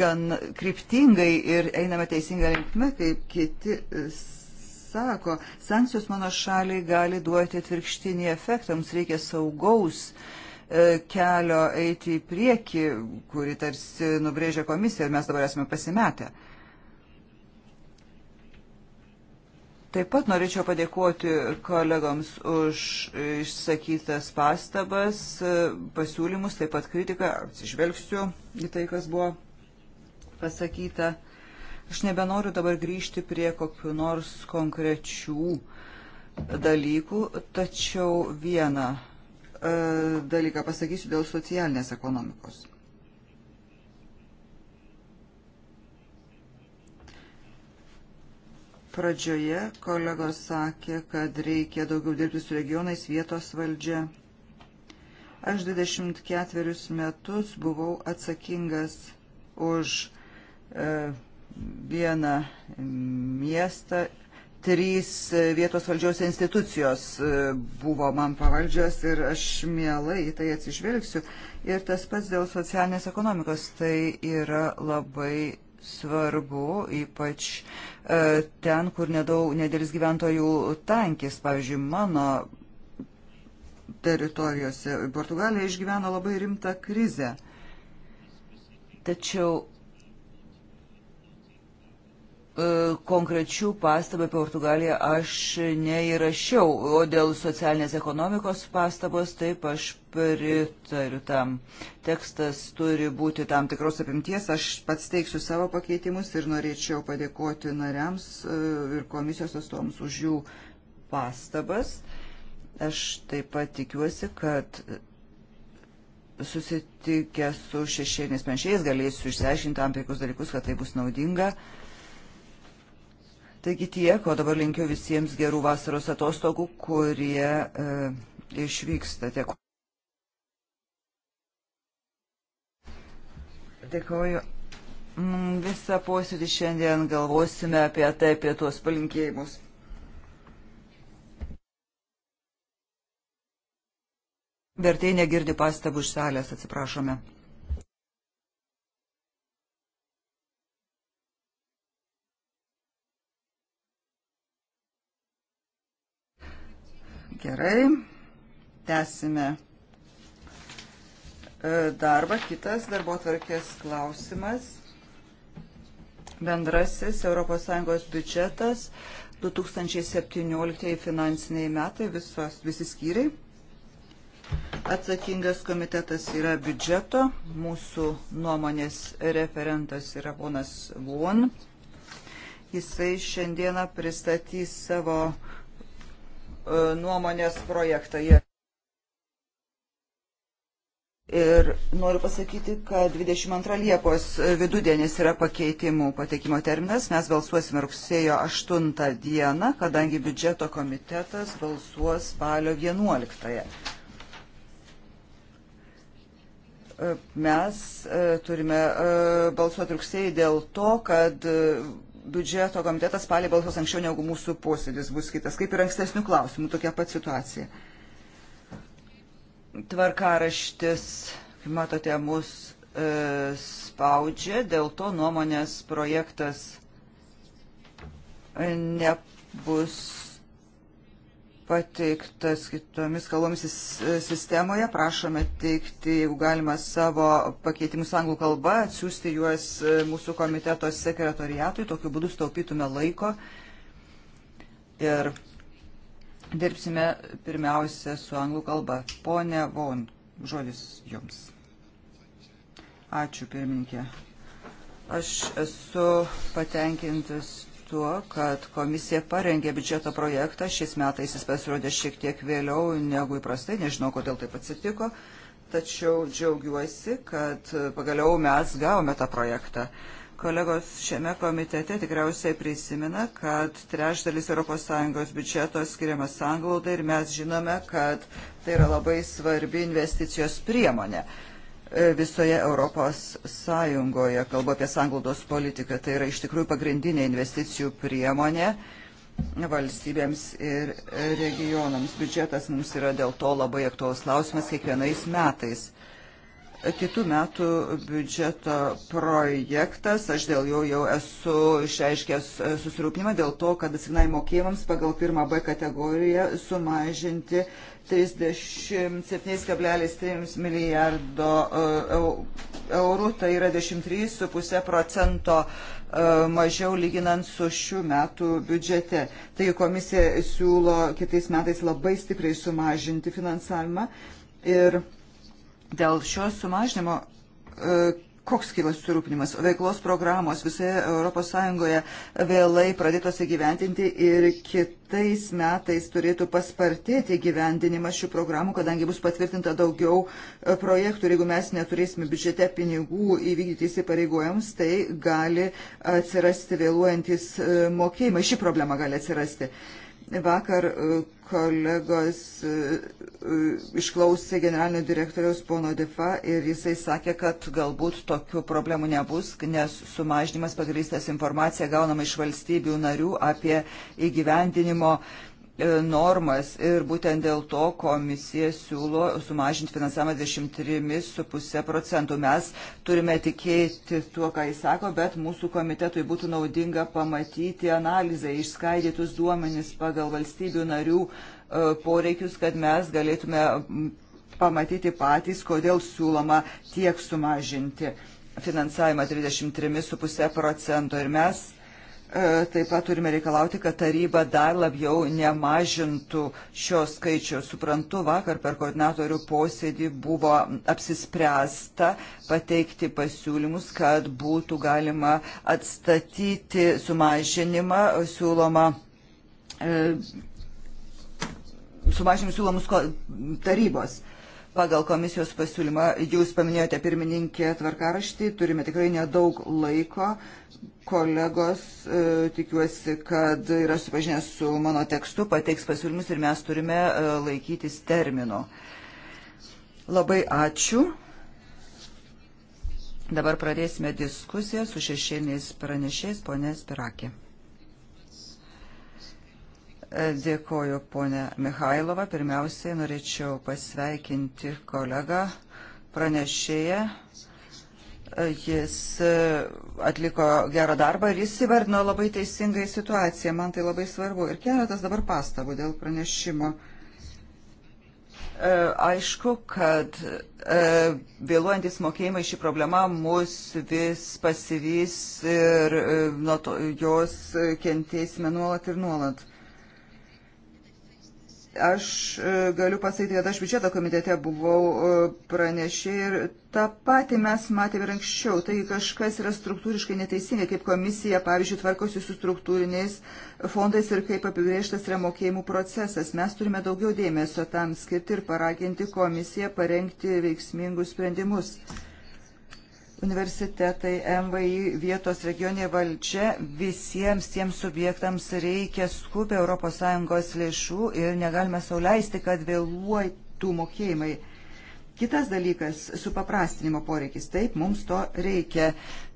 gan kryptingai ir einame teisingą linkme, kaip kiti sako. Sankcijos mano šaliai gali duoti atvirkštinį efektą, mums reikia saugaus uh, E, kelio eiti į priekį, kurį tarsi nubrėžė komisija ir mes dabar esame pasimetę. Taip pat norėčiau padėkoti kolegoms už išsakytas pastabas, e, pasiūlymus, taip pat kritiką. Atsižvelgsiu į tai, kas buvo pasakyta. Aš nebenoriu dabar grįžti prie kokiu nors konkrečių dalykų, tačiau vieną E, dalyką pasakysiu dėl socialinės ekonomikos. Pradžioje kolegos sakė, kad reikia daugiau dirbti su regionais vietos valdžia. Aš 24 metus buvau atsakingas už e, vieną miestą trys e, vietos valdžios institucijos e, buvo man pavaldžios ir aš mielai į tai atsižvelgsiu. Ir tas pats dėl socialinės ekonomikos tai yra labai svarbu, ypač e, ten, kur nedaug, nedėlis gyventojų tankis, pavyzdžiui, mano teritorijose. Portugalija išgyveno labai rimtą krizę. Tačiau E, konkrečių pastabų apie Portugaliją aš neįrašiau, o dėl socialinės ekonomikos pastabos taip aš pritariu tam. Tekstas turi būti tam tikros apimties, aš pats teiksiu savo pakeitimus ir norėčiau padėkoti nariams e, ir komisijos atstovams už jų pastabas. Aš taip pat tikiuosi, kad susitikę su šešėlinės penšiais galėsiu išsiaiškinti tam tikrus dalykus, kad tai bus naudinga. Uh, Taigi tiek, o dabar linkiu visiems gerų vasaros atostogų, kurie e, išvyksta. Tiek. Dėkuoju. Mm, visą posėdį šiandien galvosime apie tai, apie tuos palinkėjimus. Vertai negirdi pastabų iš salės, atsiprašome. Gerai, tęsime e, darbą. Kitas darbo tvarkės klausimas. Bendrasis ES biudžetas 2017 finansiniai metai visos, visi skyriai. Atsakingas komitetas yra biudžeto, mūsų nuomonės referentas yra ponas Vuon. Jisai šiandieną pristatys savo uh, E, nuomonės projektą. Ir noriu pasakyti, kad 22 Liepos vidudienis yra pakeitimų pateikimo terminas. Mes balsuosime rugsėjo 8 dieną, kadangi biudžeto komitetas balsuos spalio 11. -ąją. E, mes e, turime balsuoti rugsėjai dėl to, kad biudžeto komitetas spalį balsos anksčiau negu mūsų posėdis bus kitas, kaip ir ankstesnių klausimų, tokia pat situacija. Tvarkaraštis, kaip matote, mus e, spaudžia, dėl to nuomonės projektas e, nebus pateiktas kitomis kalbomis sistemoje. Prašome teikti, jeigu galima, savo pakeitimus anglų kalba, atsiųsti juos e, mūsų komiteto sekretoriatui, tokiu būdu staupytume laiko. Ir dirbsime pirmiausia su anglų kalba. Pone Vaun, žodis jums. Ačiū, pirmininkė. Aš esu patenkintas tuo, kad komisija parengė biudžeto projektą, šiais metais jis pasirodė šiek tiek vėliau negu įprastai, nežinau, kodėl taip atsitiko, tačiau džiaugiuosi, kad pagaliau mes gavome tą projektą. Kolegos šiame komitete tikriausiai prisimena, kad trešdalis ES biudžeto skiriamas sanglaudai ir mes žinome, kad tai yra labai svarbi investicijos priemonė. E, visoje Europos Sąjungoje. Kalbu apie sanglaudos politiką. Tai yra iš tikrųjų pagrindinė investicijų priemonė valstybėms ir regionams. Biudžetas mums yra dėl to labai aktuolus klausimas kiekvienais metais kitų metų biudžeto projektas. Aš dėl jo jau esu išreiškęs susirūpinimą dėl to, kad asignavimo mokėjimams pagal pirmą B kategoriją sumažinti 37,3 milijardo e, eurų, tai yra 13,5 procento e, mažiau lyginant su šių metų biudžete. Taigi komisija siūlo kitais metais labai stipriai sumažinti finansavimą ir Dėl šios sumažinimo e, koks kyla surūpinimas? Veiklos programos visoje ES vėlai pradėtos įgyventinti ir kitais metais turėtų paspartėti įgyvendinimas šių programų, kadangi bus patvirtinta daugiau e, projektų ir jeigu mes neturėsime biudžete pinigų įvykdyti įsipareigojams, tai gali atsirasti vėluojantis e, mokėjimai. Ši problema gali atsirasti. Vakar e, kolegos e, e, išklausė generalinio direktoriaus pono Defa ir jisai sakė, kad galbūt tokių problemų nebus, nes sumažinimas pagrįstas informacija gaunama iš valstybių narių apie įgyvendinimo uh, E, normas ir būtent dėl to komisija siūlo sumažinti finansavimą 23,5 procentų. Mes turime tikėti tuo, ką jis sako, bet mūsų komitetui būtų naudinga pamatyti analizę, išskaidytus duomenis pagal valstybių narių e, poreikius, kad mes galėtume pamatyti patys, kodėl siūloma tiek sumažinti finansavimą 33,5 procento. Ir mes E, taip pat turime reikalauti, kad taryba dar labiau nemažintų šio skaičio. Suprantu, vakar per koordinatorių posėdį buvo apsispręsta pateikti pasiūlymus, kad būtų galima atstatyti sumažinimą siūloma. E, sumažinimus siūlomus tarybos. Pagal komisijos pasiūlymą jūs paminėjote pirmininkė tvarkaraštį, turime tikrai nedaug laiko. E, Kolegos, e, tikiuosi, kad yra supažinęs su mano tekstu, pateiks pasiūlymus ir mes turime e, laikytis termino. Labai ačiū. Dabar pradėsime diskusiją su šešėliniais pranešėjais, ponė Spirakė. E, dėkoju, ponė Mihailova. Pirmiausiai norėčiau pasveikinti kolegą pranešėją Jis e, atliko gerą darbą ir jis įvardino labai teisingai situaciją. Man tai labai svarbu. Ir keletas dabar pastabų dėl pranešimo. E, aišku, kad e, vėluojantis mokėjimai šį problemą mus vis pasivys ir nuo to jos kentėsime nuolat ir nuolat. Aš e, galiu pasakyti, kad aš biudžeto komitete buvau e, pranešė ir tą patį mes matėme ir anksčiau. Tai kažkas yra struktūriškai neteisingai, kaip komisija, pavyzdžiui, tvarkosi su struktūriniais fondais ir kaip apibrėžtas yra mokėjimų procesas. Mes turime daugiau dėmesio tam skirti ir paraginti komisiją parengti veiksmingus sprendimus universitetai, MVI, vietos regionė valdžia, visiems tiems subjektams reikia skubę ES lėšų ir negalime sauliaisti, kad vėluotų mokėjimai. Kitas dalykas - supaprastinimo poreikis. Taip, mums to reikia.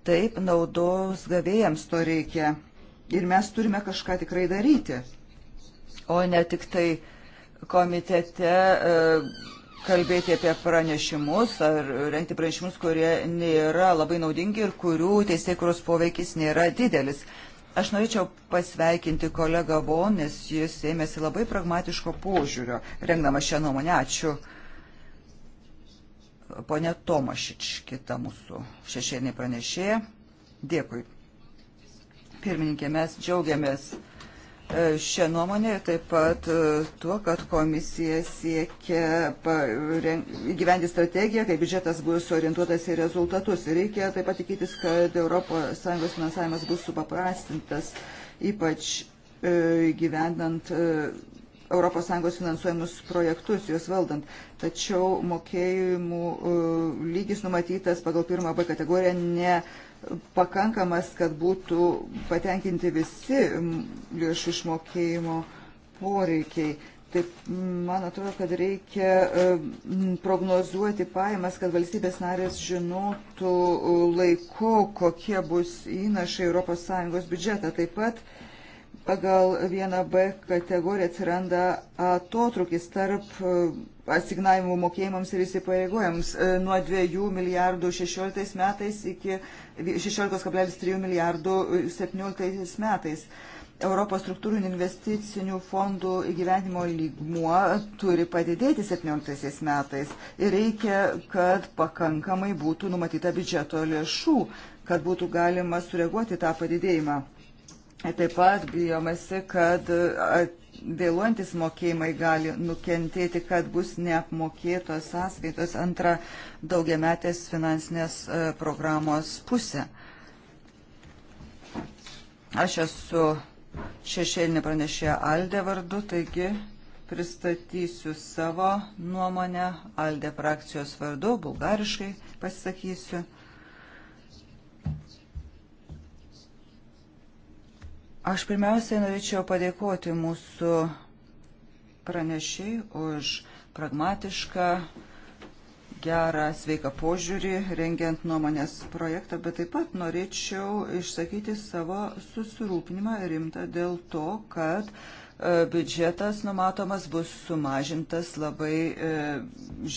Taip, naudos gavėjams to reikia. Ir mes turime kažką tikrai daryti. O ne tik tai komitete. E, kalbėti apie pranešimus ar renkti pranešimus, kurie nėra labai naudingi ir kurių teisėkuros poveikis nėra didelis. Aš norėčiau pasveikinti kolegą Von, nes jis ėmėsi labai pragmatiško požiūrio, rengdama šią nuomonę. Ačiū. Pone Tomašič, kita mūsų šešėlinė pranešėja. Dėkui. Pirmininkė, mes džiaugiamės E, šią nuomonę ir taip pat e, tuo, kad komisija siekia įgyvendį strategiją, kai biudžetas bus orientuotas į rezultatus. Ir reikia taip pat tikėtis, kad ES finansavimas bus supaprastintas, ypač e, gyvendant ES finansuojamus projektus, juos valdant. Tačiau mokėjimų lygis numatytas pagal pirmą B kategoriją ne pakankamas, kad būtų patenkinti visi lėšų išmokėjimo poreikiai. Taip, man atrodo, kad reikia e, prognozuoti pajamas, kad valstybės narės žinotų e, laiku, kokie bus įnašai ES biudžetą. Taip pat pagal 1B kategoriją atsiranda atotrukis tarp e, asignavimų mokėjimams ir įsipareigojams e, nuo 2 milijardų 16 metais iki 16,3 milijardų 17 metais. Europos struktūrinių investicinių fondų įgyvenimo lygmuo turi padidėti 17 metais ir reikia, kad pakankamai būtų numatyta biudžeto lėšų, kad būtų galima sureaguoti tą padidėjimą. Taip pat bijomasi, kad vėluojantis mokėjimai gali nukentėti, kad bus neapmokėtos sąskaitos antra daugiametės finansinės programos pusė. Aš esu šešėlinė pranešėja Aldė vardu, taigi pristatysiu savo nuomonę Aldė frakcijos vardu, bulgariškai pasisakysiu. Aš pirmiausiai norėčiau padėkoti mūsų pranešiai už pragmatišką, gerą, sveiką požiūrį, rengiant nuomonės projektą, bet taip pat norėčiau išsakyti savo susirūpinimą rimtą dėl to, kad e, biudžetas numatomas bus sumažintas labai e,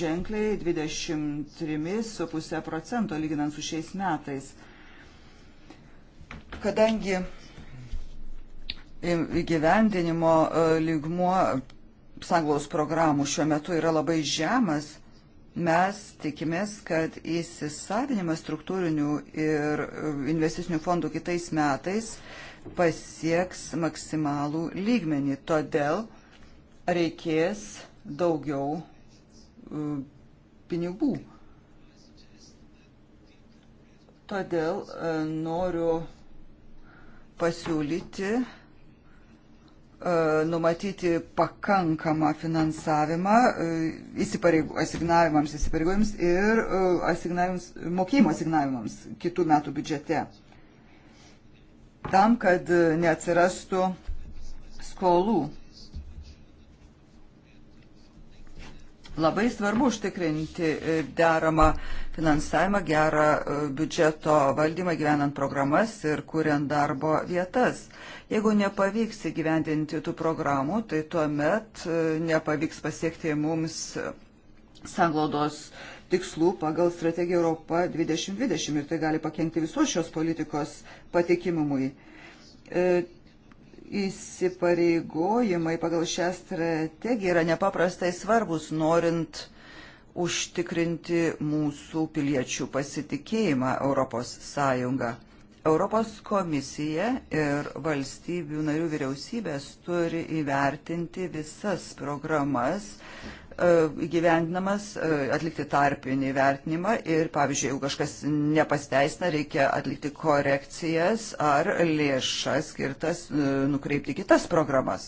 ženkliai 23,5 procento lyginant su šiais metais. Kadangi įgyvendinimo e, lygmuo sanglaus programų šiuo metu yra labai žemas, mes tikimės, kad įsisavinimas struktūrinių ir e, investicinių fondų kitais metais pasieks maksimalų lygmenį. Todėl reikės daugiau e, pinigų. Todėl noriu pasiūlyti E, numatyti pakankamą finansavimą e, įsipareigo, asignavimams įsipareigojams ir e, asignavimams, mokėjimo asignavimams kitų metų biudžete. Tam, kad neatsirastų skolų Labai svarbu užtikrinti e, deramą finansavimą, gerą e, biudžeto valdymą gyvenant programas ir kuriant darbo vietas. Jeigu nepavyks įgyvendinti tų programų, tai tuomet e, nepavyks pasiekti mums sanglaudos tikslų pagal strategiją Europa 2020 ir tai gali pakengti visos šios politikos patikimumui įsipareigojimai pagal šią strategiją yra nepaprastai svarbus, norint užtikrinti mūsų piliečių pasitikėjimą Europos Sąjungą. Europos komisija ir valstybių narių vyriausybės turi įvertinti visas programas, E, įgyvendinamas, e, atlikti tarpinį vertinimą ir, pavyzdžiui, jeigu kažkas nepasteisina, reikia atlikti korekcijas ar lėšas skirtas e, nukreipti kitas programas.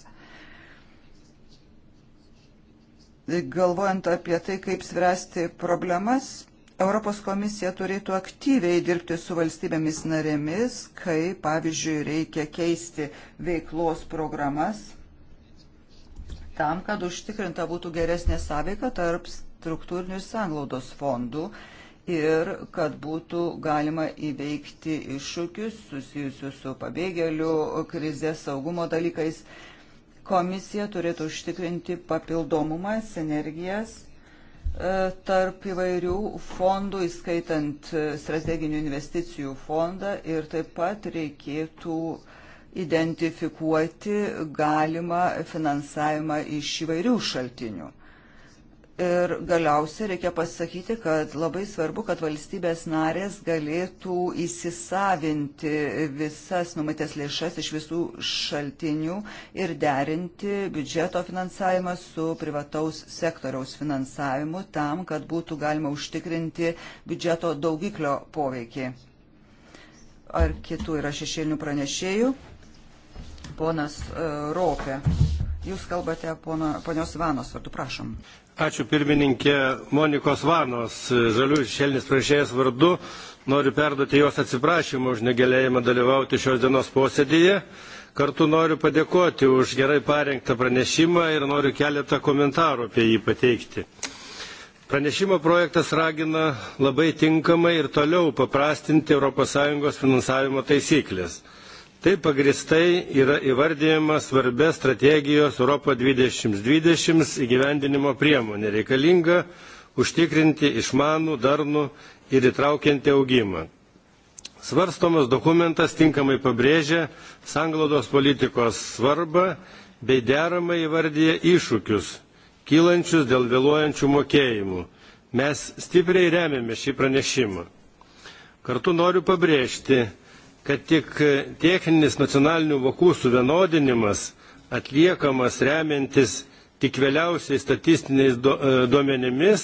Galvojant apie tai, kaip spręsti problemas, Europos komisija turėtų aktyviai dirbti su valstybėmis narėmis, kai, pavyzdžiui, reikia keisti veiklos programas tam, kad užtikrinta būtų geresnė sąveika tarp struktūrinių ir sanglaudos fondų ir kad būtų galima įveikti iššūkius susijusius su pabėgėlių krize, saugumo dalykais. Komisija turėtų užtikrinti papildomumą, sinergijas e, tarp įvairių fondų, įskaitant e, strateginių investicijų fondą ir taip pat reikėtų uh, identifikuoti galimą finansavimą iš įvairių šaltinių. Ir galiausiai reikia pasakyti, kad labai svarbu, kad valstybės narės galėtų įsisavinti visas numatytas lėšas iš visų šaltinių ir derinti biudžeto finansavimą su privataus sektoriaus finansavimu tam, kad būtų galima užtikrinti biudžeto daugiklio poveikį. Ar kitų yra šešėlinių pranešėjų? Ponas e, Ropė, jūs kalbate pono, ponios Vanos vardu, prašom. Ačiū pirmininkė Monikos Vanos, e, žalių šelnis pranešėjas vardu. Noriu perduoti jos atsiprašymą už negalėjimą dalyvauti šios dienos posėdėje. Kartu noriu padėkoti už gerai parengtą pranešimą ir noriu keletą komentarų apie jį pateikti. Pranešimo projektas ragina labai tinkamai ir toliau paprastinti ES finansavimo taisyklės. Tai pagristai yra įvardyjama svarbia strategijos Europo 2020 įgyvendinimo priemonė reikalinga užtikrinti išmanų, darnų ir įtraukiantį augimą. Svarstomas dokumentas tinkamai pabrėžia sanglaudos politikos svarbą bei deramai įvardyja iššūkius, kylančius dėl vėluojančių mokėjimų. Mes stipriai remiame šį pranešimą. Kartu noriu pabrėžti, kad tik techninis nacionalinių vokų suvienodinimas atliekamas remiantis tik vėliausiais statistiniais e, duomenimis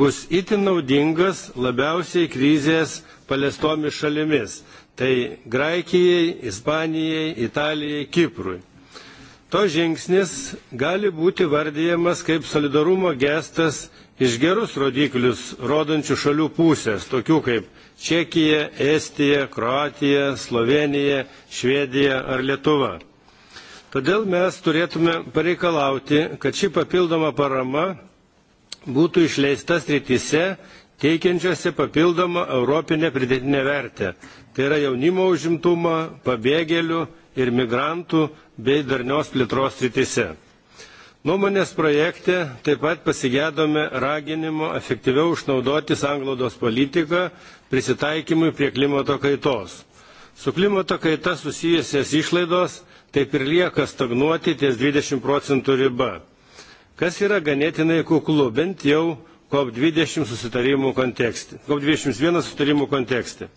bus itin naudingas labiausiai krizės paliestomis šalimis - tai Graikijai, Ispanijai, Italijai, Kiprui. To žingsnis gali būti vardyjamas kaip solidarumo gestas iš gerus rodiklius rodančių šalių pusės, tokių kaip Čekija, Estija, Kroatija, Slovenija, Švedija ar Lietuva. Todėl mes turėtume pareikalauti, kad ši papildoma parama būtų išleista srityse, teikiančiose papildomą europinę pridėtinę vertę. Tai yra jaunimo užimtumą, pabėgėlių ir migrantų bei darnios plėtros srityse. Nuomonės projekte taip pat pasigėdome raginimo efektyviau išnaudoti sanglaudos politiką prisitaikymui prie klimato kaitos. Su klimato kaita susijusias išlaidos taip ir lieka stagnuoti ties 20 procentų riba, kas yra ganėtinai kuklu bent jau COP20 susitarimų kontekste. COP21 susitarimų kontekste.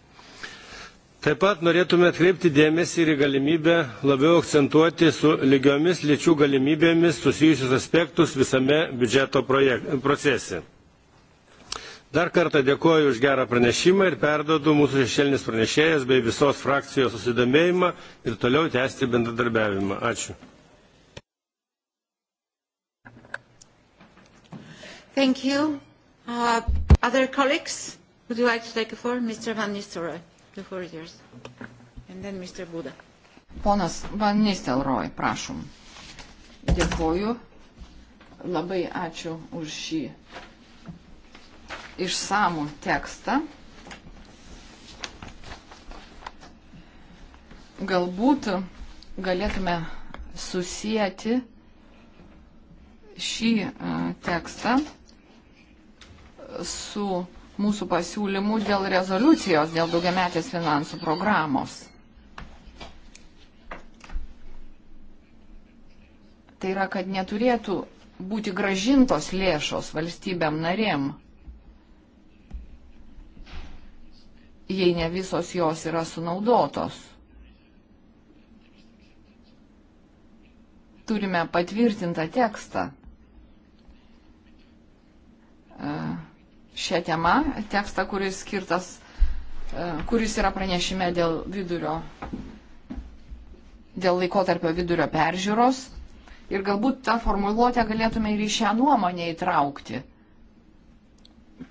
Taip pat norėtume atkreipti dėmesį ir į galimybę labiau akcentuoti su lygiomis lyčių galimybėmis susijusius aspektus visame biudžeto projekt, procese. Dar kartą dėkoju už gerą pranešimą ir perdodu mūsų šešėlinis pranešėjas bei visos frakcijos susidomėjimą ir toliau tęsti bendradarbiavimą. Ačiū. Thank you. Uh, other colleagues, would you like to take a floor? Mr. Van Nistelrooy. The floor is yours. And then Mr. Buda. Ponas Van Nistelrooy, prašom. Dėkoju. Labai ačiū už šį išsamų tekstą. Galbūt galėtume susijęti šį e, tekstą su mūsų pasiūlymų dėl rezoliucijos, dėl daugiametės finansų programos. Tai yra, kad neturėtų būti gražintos lėšos valstybėm narėm, jei ne visos jos yra sunaudotos. Turime patvirtintą tekstą šią temą, tekstą, kuris skirtas, e, kuris yra pranešime dėl vidurio, dėl laikotarpio vidurio peržiūros. Ir galbūt tą formuluotę galėtume ir į šią nuomonę įtraukti.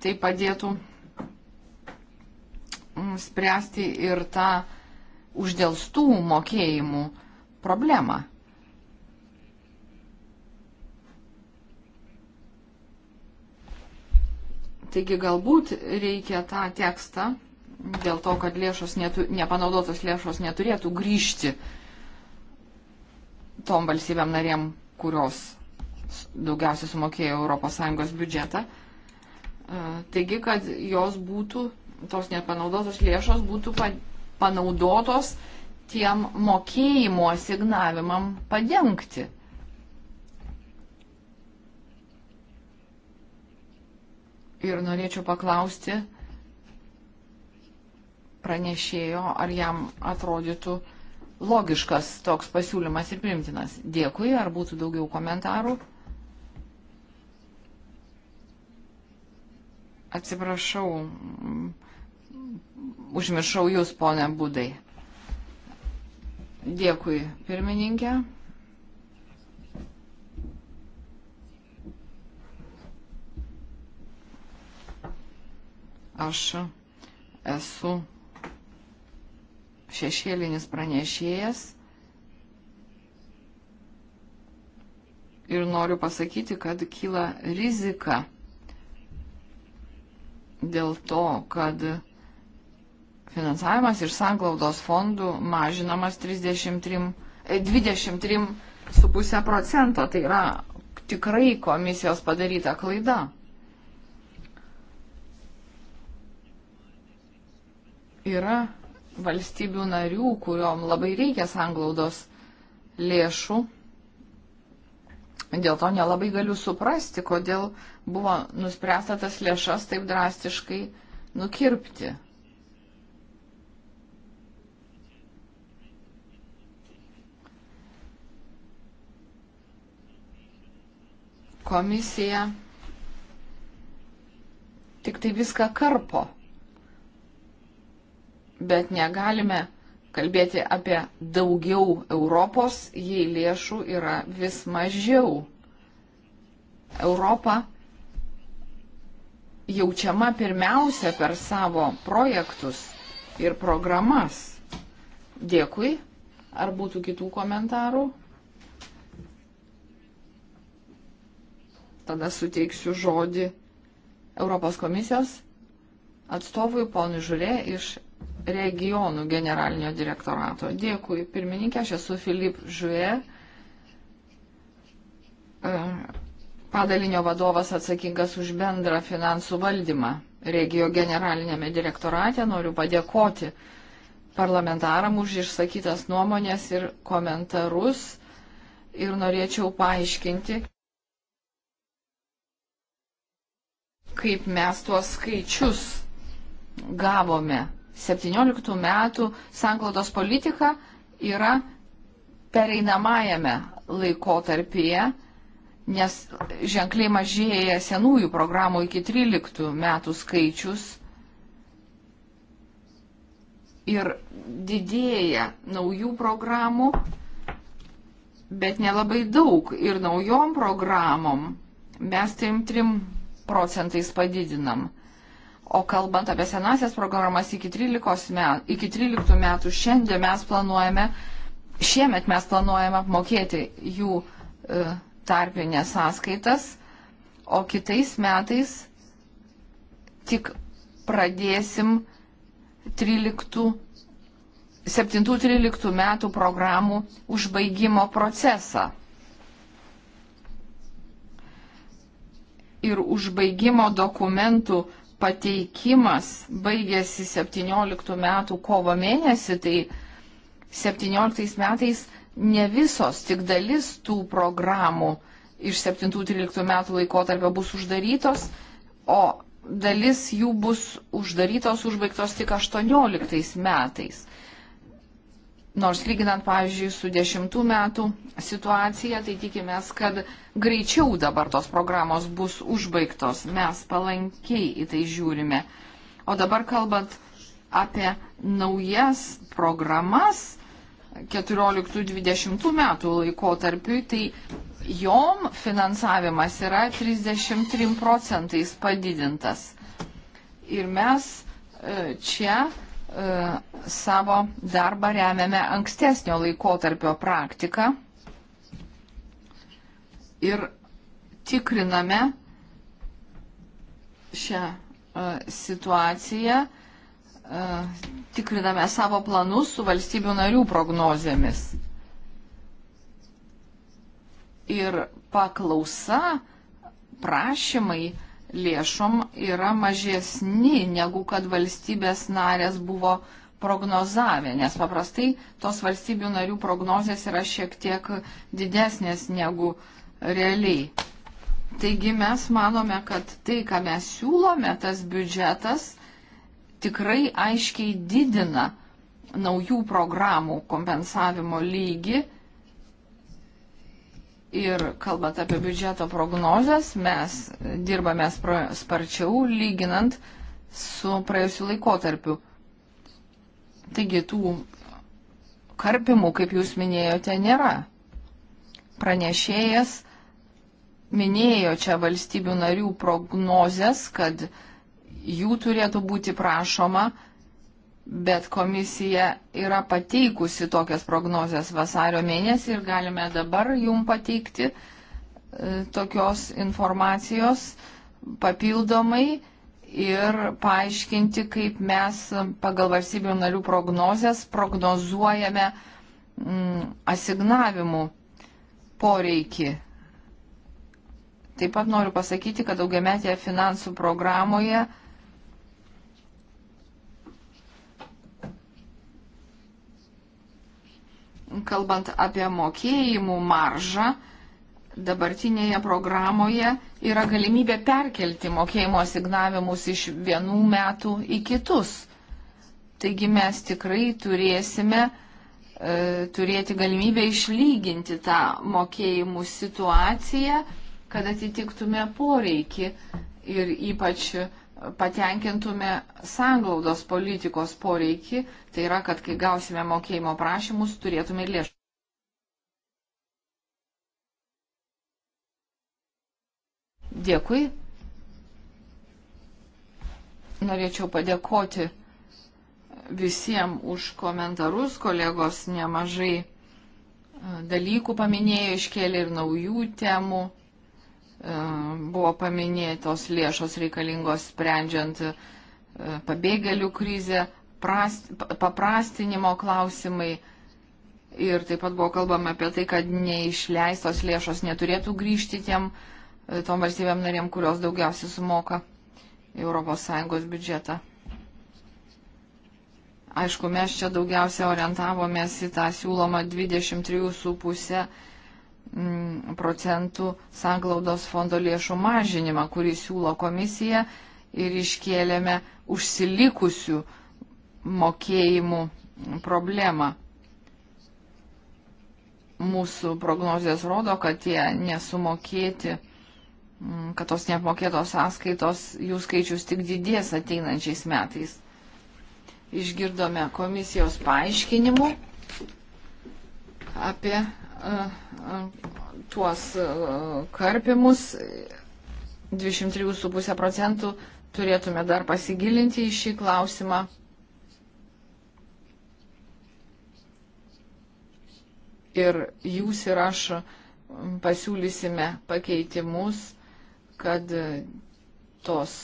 Tai padėtų mm, spręsti ir tą uždėlstų mokėjimų problemą. Taigi galbūt reikia tą tekstą dėl to, kad lėšos netu, nepanaudotos lėšos neturėtų grįžti tom valstybėm narėm, kurios daugiausiai sumokėjo ES biudžetą. E, taigi, kad jos būtų, tos nepanaudotos lėšos būtų panaudotos tiem mokėjimo asignavimam padengti. Ir norėčiau paklausti pranešėjo, ar jam atrodytų logiškas toks pasiūlymas ir primtinas. Dėkui, ar būtų daugiau komentarų? Atsiprašau, užmiršau jūs, ponė Budai. Dėkui, pirmininkė. Aš esu šešėlinis pranešėjas ir noriu pasakyti, kad kyla rizika dėl to, kad finansavimas iš sanglaudos fondų mažinamas 33, 23,5 e, procento. Tai yra tikrai komisijos padaryta klaida. Yra valstybių narių, kuriuom labai reikia sanglaudos lėšų. Dėl to nelabai galiu suprasti, kodėl buvo nuspręsta tas lėšas taip drastiškai nukirpti. Komisija tik tai viską karpo bet negalime kalbėti apie daugiau Europos, jei lėšų yra vis mažiau. Europa jaučiama pirmiausia per savo projektus ir programas. Dėkui. Ar būtų kitų komentarų? Tada suteiksiu žodį Europos komisijos atstovui ponui Žurė iš regionų generalinio direktorato. Dėkui, pirmininkė, aš esu Filip Žuė, e, padalinio vadovas atsakingas už bendrą finansų valdymą. Regio generalinėme direktorate noriu padėkoti parlamentaram už išsakytas nuomonės ir komentarus ir norėčiau paaiškinti, kaip mes tuos skaičius gavome. 17 metų sanklaudos politika yra pereinamajame laikotarpyje, nes ženkliai mažėja senųjų programų iki 13 metų skaičius ir didėja naujų programų, bet nelabai daug. Ir naujom programom mes trim 3 procentais padidinam. O kalbant apie senasias programas iki 13, met, iki 13 metų, šiandien mes planuojame, šiemet mes planuojame apmokėti jų e, tarpinės sąskaitas, o kitais metais tik pradėsim 7-13 metų programų užbaigimo procesą. Ir užbaigimo dokumentų pateikimas baigėsi 17 metų kovo mėnesį, tai 17 metais ne visos, tik dalis tų programų iš 7-13 metų laikotarpio bus uždarytos, o dalis jų bus uždarytos, užbaigtos tik 18 metais. Nors lyginant, pavyzdžiui, su dešimtų metų situacija, tai tikimės, kad greičiau dabar tos programos bus užbaigtos. Mes palankiai į tai žiūrime. O dabar kalbant apie naujas programas 14-20 metų laikotarpiui, tai jom finansavimas yra 33 procentais padidintas. Ir mes e, čia E, savo darbą remiame ankstesnio laikotarpio praktiką ir tikriname šią e, situaciją, e, tikriname savo planus su valstybių narių prognozėmis. Ir paklausa, prašymai, lėšom yra mažesni negu kad valstybės narės buvo prognozavę, nes paprastai tos valstybių narių prognozijas yra šiek tiek didesnės negu realiai. Taigi mes manome, kad tai, ką mes siūlome, tas biudžetas tikrai aiškiai didina naujų programų kompensavimo lygį Ir kalbant apie biudžeto prognozes, mes dirbame sparčiau lyginant su praėjusiu laikotarpiu. Taigi tų karpimų, kaip jūs minėjote, nėra. Pranešėjas minėjo čia valstybių narių prognozes, kad jų turėtų būti prašoma bet komisija yra pateikusi tokias prognozes vasario mėnesį ir galime dabar jum pateikti e, tokios informacijos papildomai ir paaiškinti, kaip mes pagal valstybių narių prognozes prognozuojame mm, asignavimų poreikį. Taip pat noriu pasakyti, kad daugiametėje finansų programoje kalbant apie mokėjimų maržą, dabartinėje programoje yra galimybė perkelti mokėjimo signavimus iš vienų metų į kitus. Taigi mes tikrai turėsime e, turėti galimybę išlyginti tą mokėjimų situaciją, kad atitiktume poreikį ir ypač patenkintume sanglaudos politikos poreikį, tai yra, kad kai gausime mokėjimo prašymus, turėtume lėšų. Dėkui. Norėčiau padėkoti visiems už komentarus, kolegos nemažai e, dalykų paminėjo, iškėlė ir naujų temų. E, buvo paminėtos lėšos reikalingos sprendžiant e, pabėgėlių krizę, prast, paprastinimo klausimai. Ir taip pat buvo kalbama apie tai, kad neišleistos lėšos neturėtų grįžti tiem e, tom valstybėm narėm, kurios daugiausiai sumoka ES biudžetą. Aišku, mes čia daugiausia orientavomės į tą siūlomą 23,5 Mm, procentų sanglaudos fondo lėšų mažinimą, kurį siūlo komisija ir iškėlėme užsilikusių mokėjimų problemą. Mūsų prognozijas rodo, kad tie nesumokėti, mm, kad tos neapmokėtos sąskaitos jų skaičius tik didės ateinančiais metais. Išgirdome komisijos paaiškinimų apie tuos e, karpimus 23,5 procentų. Turėtume dar pasigilinti į šį klausimą. Ir jūs ir aš pasiūlysime pakeitimus, kad tos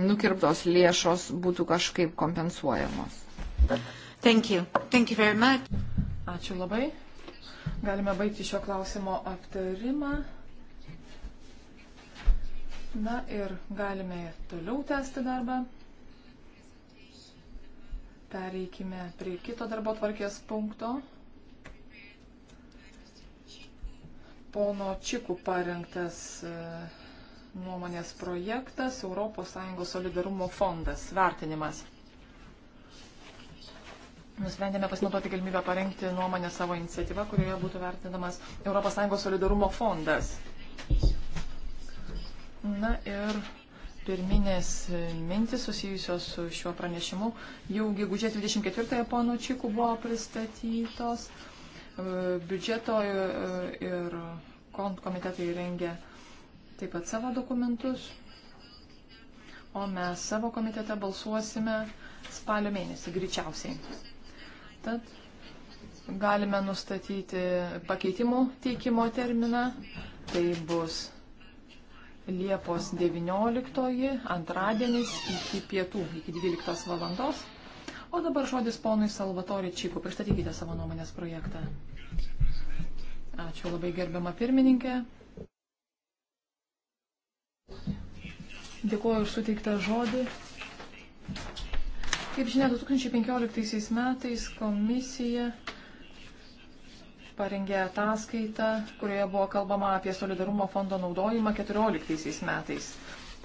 nukirptos lėšos būtų kažkaip kompensuojamos. Thank you. Thank you very much. Ačiū labai. Galime baigti šio klausimo aptarimą. Na ir galime toliau tęsti darbą. Pereikime prie kito darbo tvarkės punkto. Pono Čikų parengtas e, nuomonės projektas Europos Sąjungos solidarumo fondas vertinimas. Nusprendėme pasinaudoti galimybę parengti nuomonę savo iniciatyvą, kurioje būtų vertinamas ES solidarumo fondas. Na ir pirminės mintis susijusios su šiuo pranešimu jau gegužės 24-ąją ponų Čikų buvo pristatytos. E, biudžeto e, ir komitetai rengia taip pat savo dokumentus, o mes savo komitete balsuosime spalio mėnesį greičiausiai. Tad galime nustatyti pakeitimų teikimo terminą. Tai bus Liepos 19, antradienis iki pietų, iki 12 valandos. O dabar žodis ponui Salvatoriu Čiku. Pristatykite savo nuomonės projektą. Ačiū labai gerbiama pirmininkė. Dėkuoju už suteiktą žodį. Kaip žinia, 2015 metais komisija parengė ataskaitą, kurioje buvo kalbama apie solidarumo fondo naudojimą 2014 metais.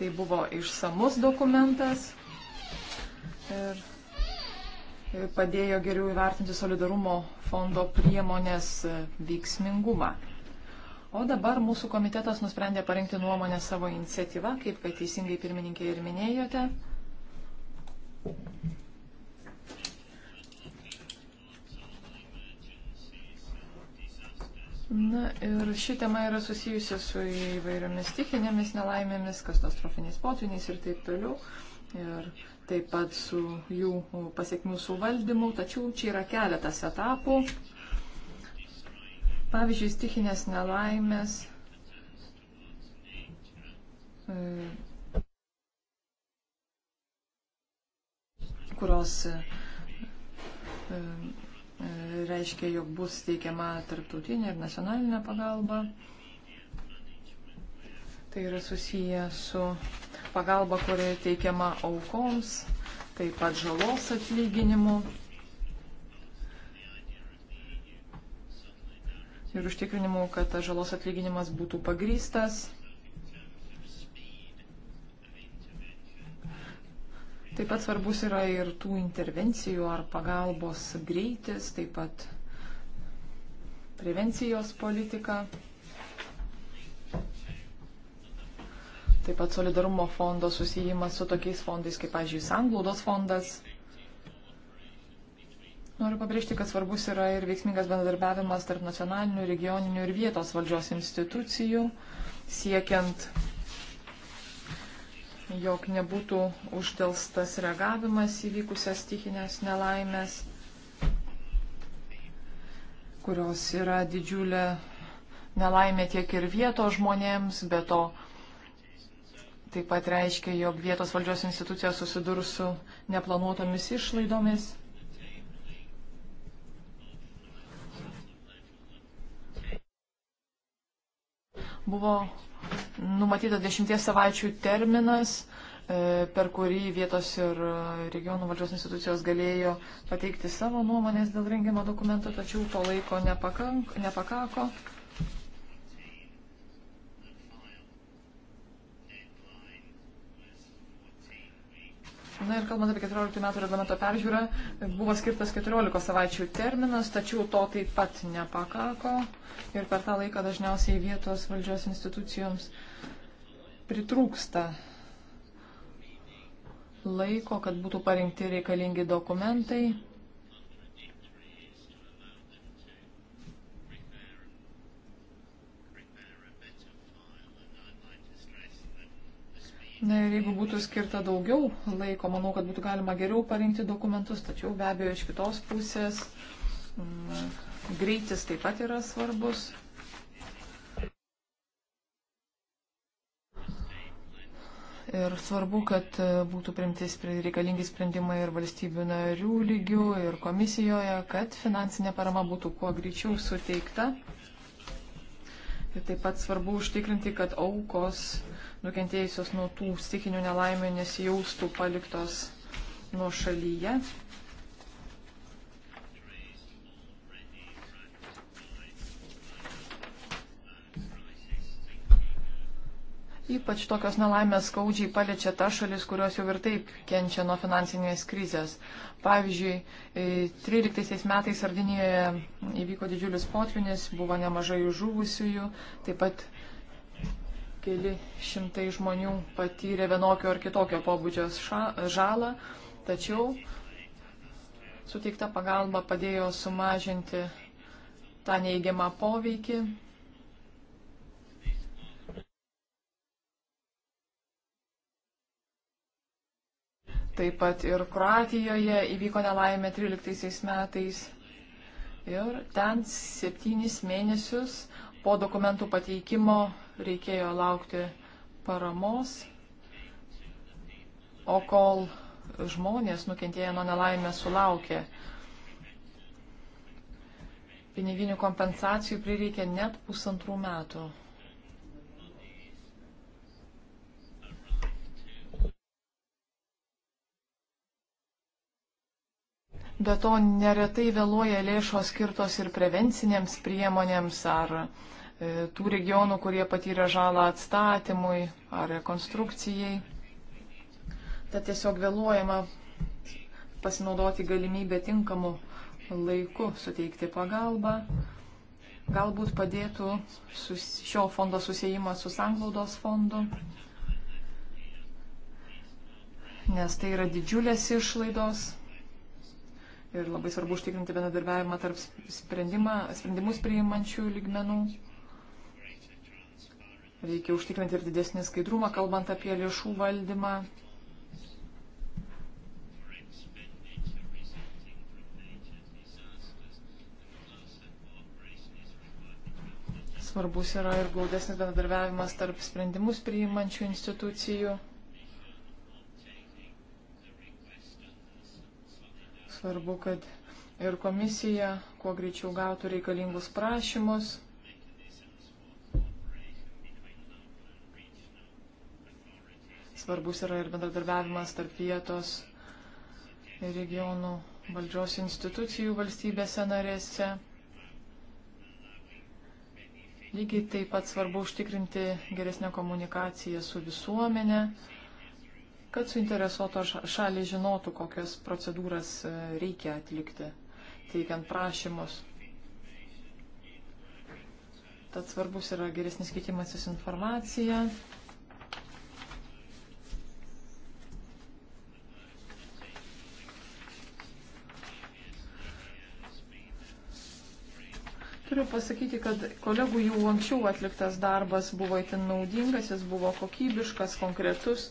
Tai buvo išsamus dokumentas ir padėjo geriau įvertinti solidarumo fondo priemonės veiksmingumą. O dabar mūsų komitetas nusprendė parengti nuomonę savo iniciatyvą, kaip kad teisingai pirmininkė ir minėjote. Na ir ši tema yra susijusi su įvairiomis stichinėmis nelaimėmis, katastrofiniais potviniais ir taip toliau. Ir taip pat su jų pasiekmių suvaldymu. Tačiau čia yra keletas etapų. Pavyzdžiui, stichinės nelaimės kurios e, e, e, reiškia, jog bus teikiama tarptautinė ir nacionalinė pagalba. Tai yra susiję su pagalba, kuri teikiama aukoms, taip pat žalos atlyginimu. Ir užtikrinimu, kad žalos atlyginimas būtų pagrystas Taip pat svarbus yra ir tų intervencijų ar pagalbos greitis, taip pat prevencijos politika. Taip pat solidarumo fondo susijimas su tokiais fondais, kaip, pažiūrėjau, Sanglaudos fondas. Noriu pabrėžti, kad svarbus yra ir veiksmingas bendradarbiavimas tarp nacionalinių, regioninių ir vietos valdžios institucijų, siekiant jog nebūtų uždelstas reagavimas įvykusias tikinės nelaimės, kurios yra didžiulė nelaimė tiek ir vietos žmonėms, bet to taip pat reiškia, jog vietos valdžios institucija susidurs su neplanuotomis išlaidomis. Buvo numatytas dešimties savaičių terminas, e, per kurį vietos ir regionų valdžios institucijos galėjo pateikti savo nuomonės dėl rengimo dokumento, tačiau to laiko nepakank, nepakako. Na ir kalbant apie 14 metų reglamento peržiūrą, buvo skirtas 14 savaičių terminas, tačiau to taip pat nepakako ir per tą laiką dažniausiai vietos valdžios institucijoms pritrūksta laiko, kad būtų parinkti reikalingi dokumentai Na ir jeigu būtų skirta daugiau laiko, manau, kad būtų galima geriau parinkti dokumentus, tačiau be abejo iš kitos pusės m, greitis taip pat yra svarbus. Ir svarbu, kad e, būtų primti reikalingi sprendimai ir valstybių narių lygių, ir komisijoje, kad finansinė parama būtų kuo greičiau suteikta. Ir taip pat svarbu užtikrinti, kad aukos nukentėjusios nuo tų stikinių nelaimių nesijaustų paliktos nuo šalyje. Ypač tokios nelaimės skaudžiai paliečia ta šalis, kurios jau ir taip kenčia nuo finansinės krizės. Pavyzdžiui, 13 e, metais Sardinijoje įvyko didžiulis potvinis, buvo nemažai žuvusiųjų, taip pat keli šimtai žmonių patyrė vienokio ar kitokio pobūdžio žalą, tačiau suteikta pagalba padėjo sumažinti tą neįgiamą poveikį. Taip pat ir Kroatijoje įvyko nelaimė 13 metais. Ir ten septynis mėnesius po dokumentų pateikimo reikėjo laukti paramos, o kol žmonės nukentėję nuo nelaimės sulaukė piniginių kompensacijų prireikė net pusantrų metų. Be to neretai vėluoja lėšos skirtos ir prevencinėms priemonėms ar uh, E, tų regionų, kurie patyrė žalą atstatymui ar rekonstrukcijai. Tad tiesiog vėluojama pasinaudoti galimybę tinkamu laiku suteikti pagalbą. Galbūt padėtų šio fondo susijimas su sanglaudos fondu, nes tai yra didžiulės išlaidos ir labai svarbu užtikrinti bendradarbiavimą tarp sprendimą, sprendimus priimančių lygmenų. Reikia užtikrinti ir didesnį skaidrumą, kalbant apie lėšų valdymą. Svarbus yra ir glaudesnis bendradarbiavimas tarp sprendimus priimančių institucijų. Svarbu, kad ir komisija kuo greičiau gautų reikalingus prašymus. Svarbus yra ir bendradarbiavimas tarp vietos ir regionų valdžios institucijų valstybėse narėse. Lygiai taip pat svarbu užtikrinti geresnę komunikaciją su visuomenė, kad suinteresuoto šalį žinotų, kokias procedūras e, reikia atlikti, teikiant prašymus. Tad svarbus yra geresnis keitimasis informacija, Turiu pasakyti, kad kolegų jau anksčiau atliktas darbas buvo itin naudingas, jis buvo kokybiškas, konkretus.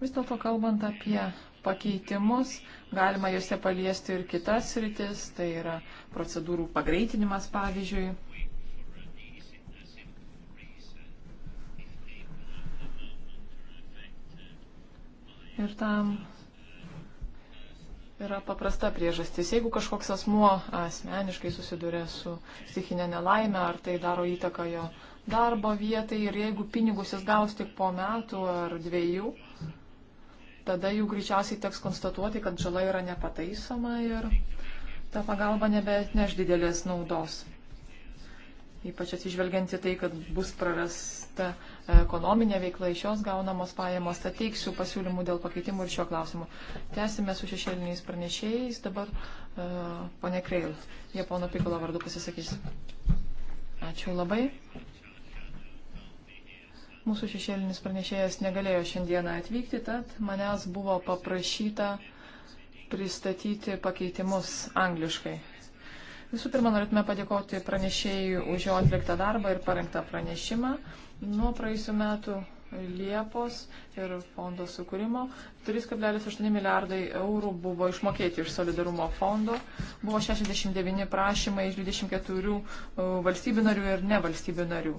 Vis dėlto kalbant apie pakeitimus, galima juose paliesti ir kitas rytis, tai yra procedūrų pagreitinimas pavyzdžiui. Ir tam yra paprasta priežastis. Jeigu kažkoks asmuo asmeniškai susiduria su stichinė nelaime, ar tai daro įtaką jo darbo vietai ir jeigu pinigus jis gaus tik po metų ar dviejų, tada jų greičiausiai teks konstatuoti, kad žala yra nepataisoma ir ta pagalba nebeatneš didelės naudos ypač atsižvelgianti tai, kad bus prarasta ekonominė veikla, iš jos gaunamos pajamos, tad teiksiu pasiūlymų dėl pakeitimų ir šio klausimu. Tęsime su šešėliniais pranešėjais, dabar uh, e, ponė Kreil, jie pono Pikalo vardu pasisakys. Ačiū labai. Mūsų šešėlinis pranešėjas negalėjo šiandieną atvykti, tad manęs buvo paprašyta pristatyti pakeitimus angliškai. Visų pirma, norėtume padėkoti pranešėjui už jo atliktą darbą ir parengtą pranešimą. Nuo praėjusių metų Liepos ir fondo sukūrimo 3,8 milijardai eurų buvo išmokėti iš solidarumo fondo. Buvo 69 prašymai iš 24 e, valstybių narių ir ne valstybių narių.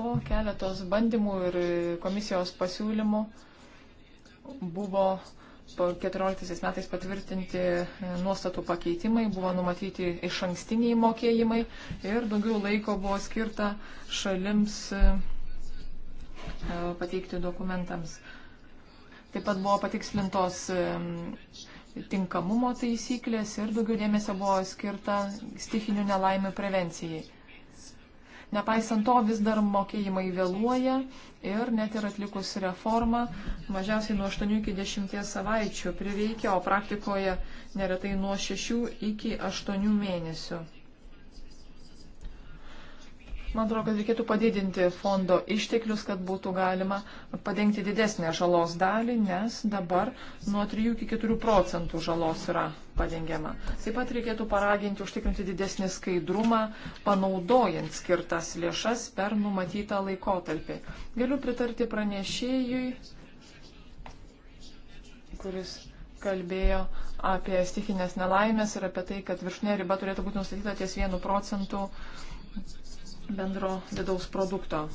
Po keletos bandymų ir komisijos pasiūlymų buvo uh, 2014 metais patvirtinti e, nuostatų pakeitimai, buvo numatyti iš ankstiniai mokėjimai ir daugiau laiko buvo skirta šalims e, e, pateikti dokumentams. Taip pat buvo patikslintos tinkamumo taisyklės ir daugiau dėmesio buvo skirta stichinių nelaimių prevencijai. Nepaisant to, vis dar mokėjimai vėluoja Ir net ir atlikus reformą, mažiausiai nuo 8 iki 10 savaičių prireikia, o praktikoje neretai nuo 6 iki 8 mėnesių. Man atrodo, kad reikėtų padidinti fondo išteklius, kad būtų galima padengti didesnę žalos dalį, nes dabar nuo 3 iki 4 procentų žalos yra padengiama. Taip pat reikėtų paraginti užtikrinti didesnį skaidrumą, panaudojant skirtas lėšas per numatytą laikotarpį. Galiu pritarti pranešėjui, kuris kalbėjo apie stikinės nelaimės ir apie tai, kad viršnė riba turėtų būti nustatyta ties 1 procentu bendro vidaus produkto.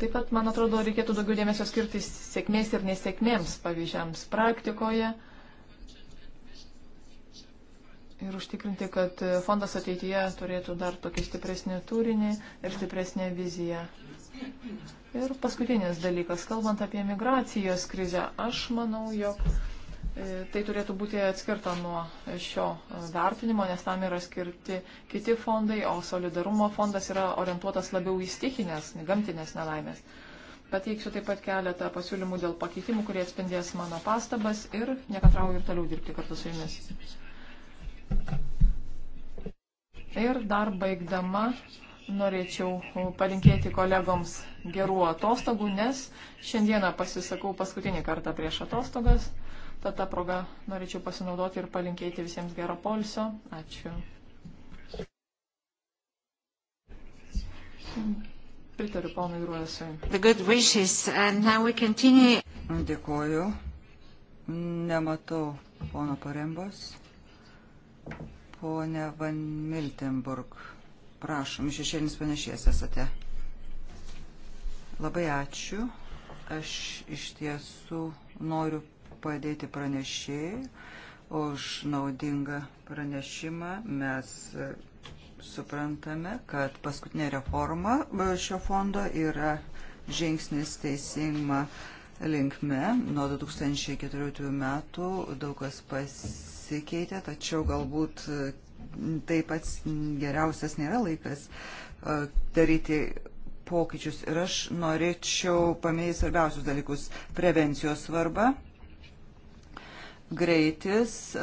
Taip pat, man atrodo, reikėtų daugiau dėmesio skirti sėkmės ir nesėkmėms pavyzdžiams praktikoje ir užtikrinti, kad fondas ateityje turėtų dar tokį stipresnį turinį ir stipresnę viziją. Ir paskutinis dalykas, kalbant apie migracijos krizę, aš manau, jog E, tai turėtų būti atskirta nuo šio vertinimo, nes tam yra skirti kiti fondai, o solidarumo fondas yra orientuotas labiau į stichinės, gamtinės nelaimės. Pateiksiu taip pat keletą pasiūlymų dėl pakeitimų, kurie atspindės mano pastabas ir nekatrauju ir toliau dirbti kartu su jumis. Ir dar baigdama norėčiau palinkėti kolegoms gerų atostogų, nes šiandieną pasisakau paskutinį kartą prieš atostogas. Tad tą progą norėčiau pasinaudoti ir palinkėti visiems gero polsio. Ačiū. Pritariu ponui Ruesui. Dėkuoju. Nematau pono parembos. Pone Van Miltenburg, prašom, šešėlinis panašies esate. Labai ačiū. Aš iš tiesų noriu padėti pranešėjai už naudingą pranešimą. Mes suprantame, kad paskutinė reforma šio fondo yra žingsnis teisingą linkme. Nuo 2014 metų daug kas pasikeitė, tačiau galbūt tai pats geriausias nėra laikas e, daryti pokyčius. Ir aš norėčiau paminėti svarbiausius dalykus - prevencijos svarbą greitis e,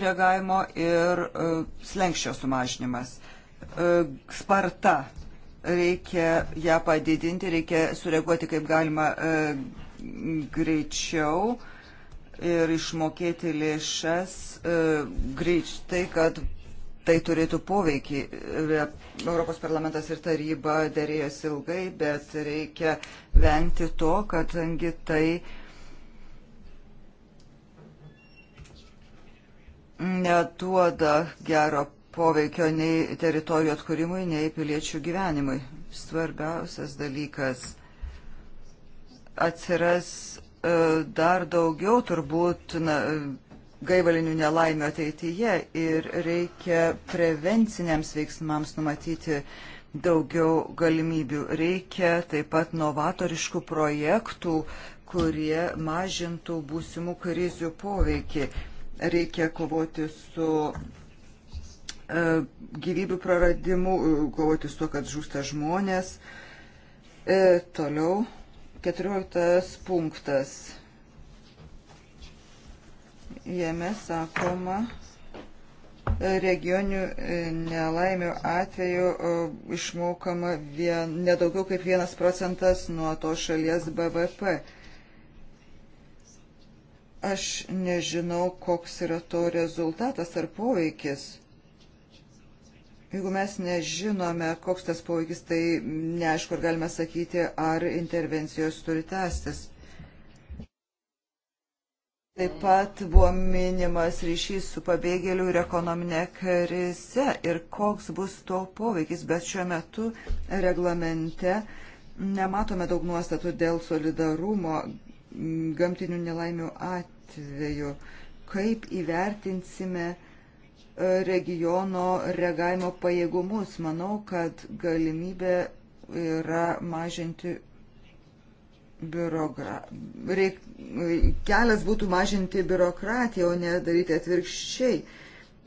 reagavimo ir e, slengščio sumažinimas. E, sparta. Reikia ją padidinti, reikia sureaguoti kaip galima greičiau ir išmokėti lėšas greitai, kad tai turėtų poveikį. Europos parlamentas ir taryba dėrėjos ilgai, bet reikia vengti to, kadangi tai neduoda gero poveikio nei teritorijų atkūrimui, nei piliečių gyvenimui. Svarbiausias dalykas atsiras e, dar daugiau turbūt na, gaivalinių nelaimių ateityje ir reikia prevenciniams veiksmams numatyti daugiau galimybių. Reikia taip pat novatoriškų projektų, kurie mažintų būsimų krizių poveikį reikia kovoti su e, gyvybių praradimu, kovoti su to, kad žūsta žmonės. E, toliau, keturioliktas punktas. Jame sakoma, regionių e, nelaimių atveju išmokama vien, nedaugiau kaip vienas procentas nuo to šalies BVP Aš nežinau, koks yra to rezultatas ar poveikis. Jeigu mes nežinome, koks tas poveikis, tai neaišku, ar galime sakyti, ar intervencijos turi tęstis. Taip pat buvo minimas ryšys su pabėgėlių ir ekonominė krize ir koks bus to poveikis, bet šiuo metu reglamente nematome daug nuostatų dėl solidarumo gamtinių nelaimių atveju. Kaip įvertinsime e, regiono reagavimo pajėgumus? Manau, kad galimybė yra mažinti biurokra... Reik... kelias būtų mažinti biurokratiją, o ne daryti atvirkščiai.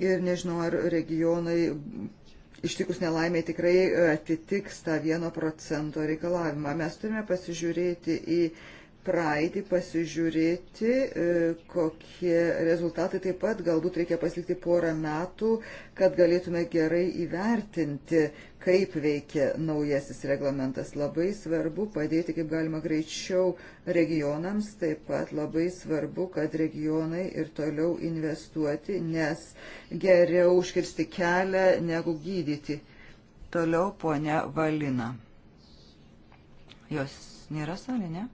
Ir nežinau, ar regionai ištikus nelaimė tikrai atitiks tą vieno procento reikalavimą. Mes turime pasižiūrėti į uh, praeitį pasižiūrėti, e, kokie rezultatai taip pat galbūt reikia pasilikti porą metų, kad galėtume gerai įvertinti, kaip veikia naujasis reglamentas. Labai svarbu padėti kaip galima greičiau regionams, taip pat labai svarbu, kad regionai ir toliau investuoti, nes geriau užkirsti kelią negu gydyti. Toliau ponia Valina. Jos nėra salė, ne?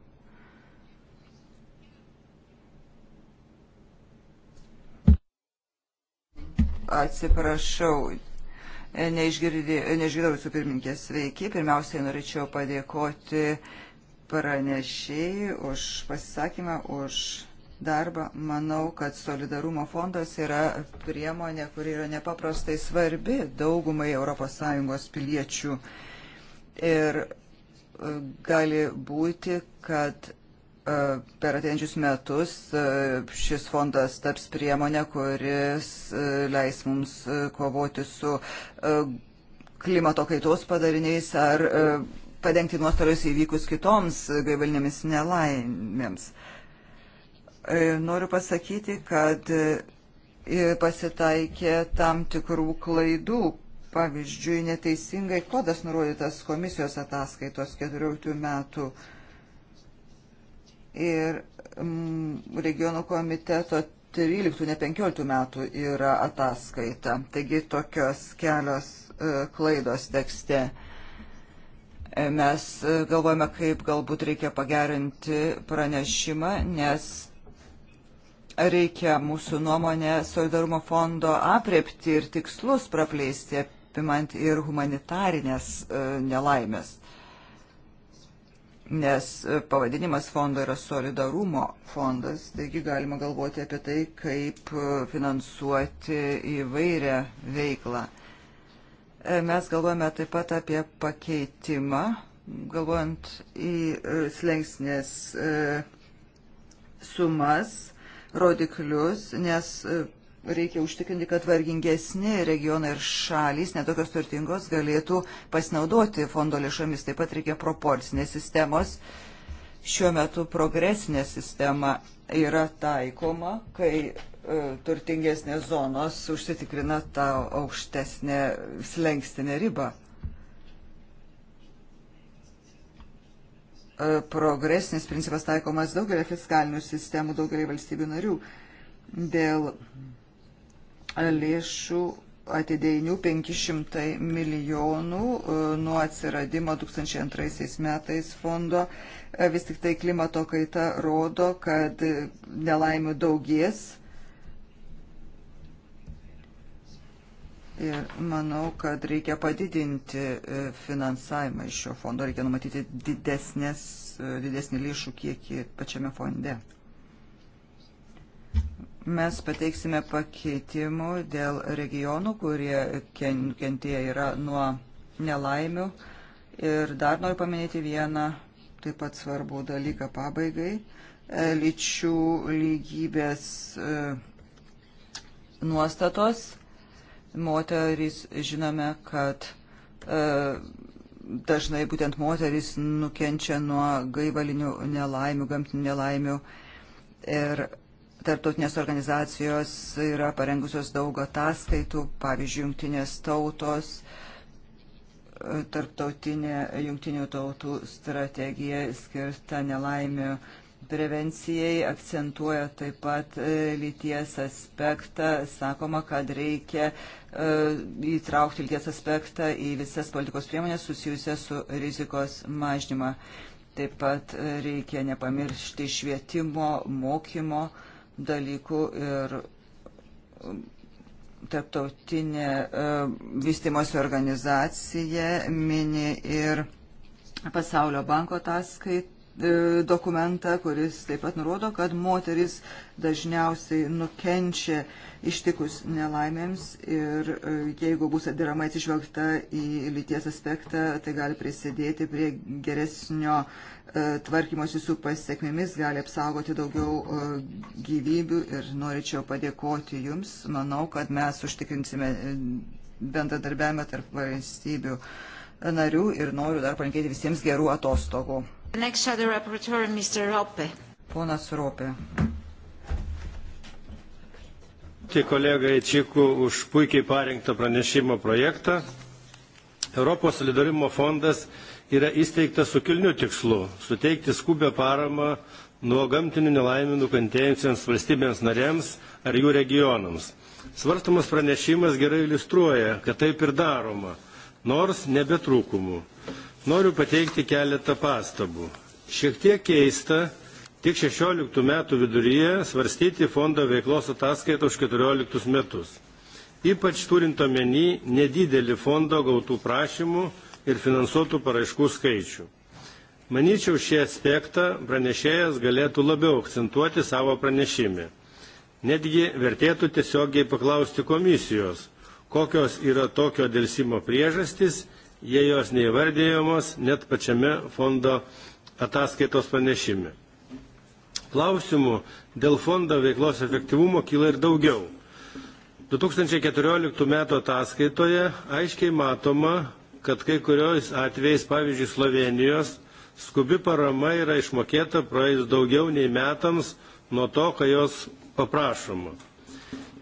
Atsiprašau, neišgirdau jūsų pirminkės sveiki. Pirmiausiai norėčiau padėkoti pranešėjai už pasisakymą, už darbą. Manau, kad solidarumo fondas yra priemonė, kuri yra nepaprastai svarbi daugumai ES piliečių. Ir e, gali būti, kad E, per ateinčius metus e, šis fondas taps priemonė, kuris e, leis mums kovoti su klimato kaitos padariniais ar padengti nuostolius įvykus kitoms gaivalinėmis nelaimėms. Noriu pasakyti, kad pasitaikė tam tikrų klaidų, Pavyzdžiui, neteisingai kodas nurodytas komisijos ataskaitos 14 metų ir mm, regionų komiteto 13, ne 15 metų yra ataskaita. Taigi tokios kelios e, klaidos tekste. E, mes e, galvojame, kaip galbūt reikia pagerinti pranešimą, nes reikia mūsų nuomonė solidarumo fondo apriepti ir tikslus prapleisti, apimant ir humanitarinės e, nelaimės nes pavadinimas fondo yra solidarumo fondas, taigi galima galvoti apie tai, kaip finansuoti įvairią veiklą. E, mes galvojame taip pat apie pakeitimą, galvojant į e, slengsnės e, sumas, rodiklius, nes reikia užtikrinti, kad vargingesni regionai ir šalys, netokios turtingos, galėtų pasinaudoti fondo lėšomis. Taip pat reikia proporcinės sistemos. Šiuo metu progresinė sistema yra taikoma, kai e, turtingesnės zonos užsitikrina tą aukštesnę slengstinę ribą. E, progresinis principas taikomas daugelį fiskalinių sistemų, daugelį valstybių narių dėl lėšų atidėjinių 500 milijonų e, nuo atsiradimo 2002 metais fondo. E, vis tik tai klimato kaita rodo, kad nelaimių daugies. Ir manau, kad reikia padidinti e, finansavimą iš šio fondo, reikia numatyti didesnės, didesnį lėšų kiekį pačiame fonde. Mes pateiksime pakeitimų dėl regionų, kurie kentėja yra nuo nelaimių. Ir dar noriu paminėti vieną taip pat svarbų dalyką pabaigai. E, lyčių lygybės e, nuostatos. Moterys žinome, kad e, dažnai būtent moteris nukenčia nuo gaivalinių nelaimių, gamtinių nelaimių. Ir tarptautinės organizacijos yra parengusios daug ataskaitų, pavyzdžiui, jungtinės tautos, tarptautinė jungtinių tautų strategija skirta nelaimių prevencijai, akcentuoja taip pat e, lyties aspektą, sakoma, kad reikia e, įtraukti lyties aspektą į visas politikos priemonės susijusias su rizikos mažnyma. Taip pat e, reikia nepamiršti švietimo, mokymo, dalykų ir um, tarptautinė e, vystimosi organizacija mini ir Pasaulio banko ataskaitą E, dokumentą, kuris taip pat nurodo, kad moteris dažniausiai nukenčia ištikus nelaimėms ir e, jeigu bus deramai atsižvelgta į lyties aspektą, tai gali prisidėti prie geresnio e, tvarkymosi su pasiekmėmis, gali apsaugoti daugiau gyvybių ir norėčiau padėkoti Jums. Manau, kad mes užtikrinsime bendradarbiavimą tarp valstybių narių ir noriu dar palinkėti visiems gerų atostogų. Ponas Ropė. Tie kolegai Čikų už puikiai parengtą pranešimo projektą. Europos solidarumo fondas yra įsteigtas su kilniu tikslu - suteikti skubę paramą nuo gamtinių nelaimių nukentėjusiems valstybėms narėms ar jų regionams. Svarstamas pranešimas gerai iliustruoja, kad taip ir daroma, nors nebetrūkumų. trūkumų. Noriu pateikti keletą pastabų. Šiek tiek keista, tik 16 metų viduryje svarstyti fondo veiklos ataskaitą už 14 metus ypač turint omeny nedidelį fondo gautų prašymų ir finansuotų paraiškų skaičių. Manyčiau, šį aspektą pranešėjas galėtų labiau akcentuoti savo pranešime. Netgi vertėtų tiesiogiai paklausti komisijos, kokios yra tokio dėlsimo priežastys jie jos neįvardėjamos net pačiame fondo ataskaitos pranešime. Klausimų dėl fondo veiklos efektyvumo kyla ir daugiau. 2014 m. ataskaitoje aiškiai matoma, kad kai kurios atvejais, pavyzdžiui, Slovenijos, skubi parama yra išmokėta praėjus daugiau nei metams nuo to, kai jos paprašoma.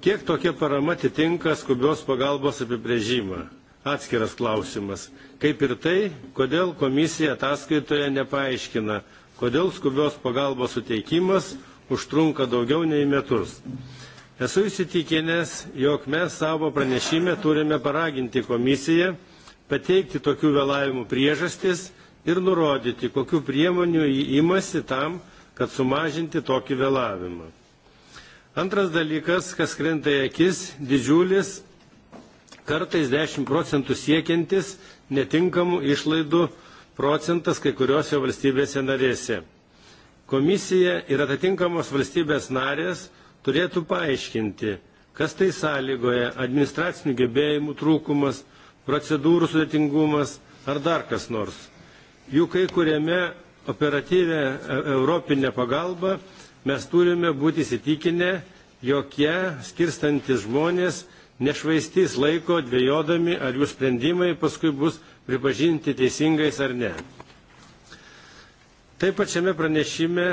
Kiek tokia parama atitinka skubios pagalbos apibrėžimą? atskiras klausimas, kaip ir tai, kodėl komisija ataskaitoje nepaaiškina, kodėl skubios pagalbos suteikimas užtrunka daugiau nei metus. Esu įsitikinęs, jog mes savo pranešime turime paraginti komisiją pateikti tokių vėlavimų priežastis ir nurodyti, kokiu priemoniu jį imasi tam, kad sumažinti tokį vėlavimą. Antras dalykas, kas krenta į akis, didžiulis kartais 10 procentų siekiantis netinkamų išlaidų procentas kai kuriuose valstybėse narėse. Komisija ir atitinkamos valstybės narės turėtų paaiškinti, kas tai sąlygoja administracinių gebėjimų trūkumas, procedūrų sudėtingumas ar dar kas nors. Juk kai kuriame operatyvę e, europinę pagalbą mes turime būti įsitikinę, jog ją skirstantis žmonės nešvaistys laiko dvėjodami, ar jų sprendimai paskui bus pripažinti teisingais ar ne. Taip pačiame pranešime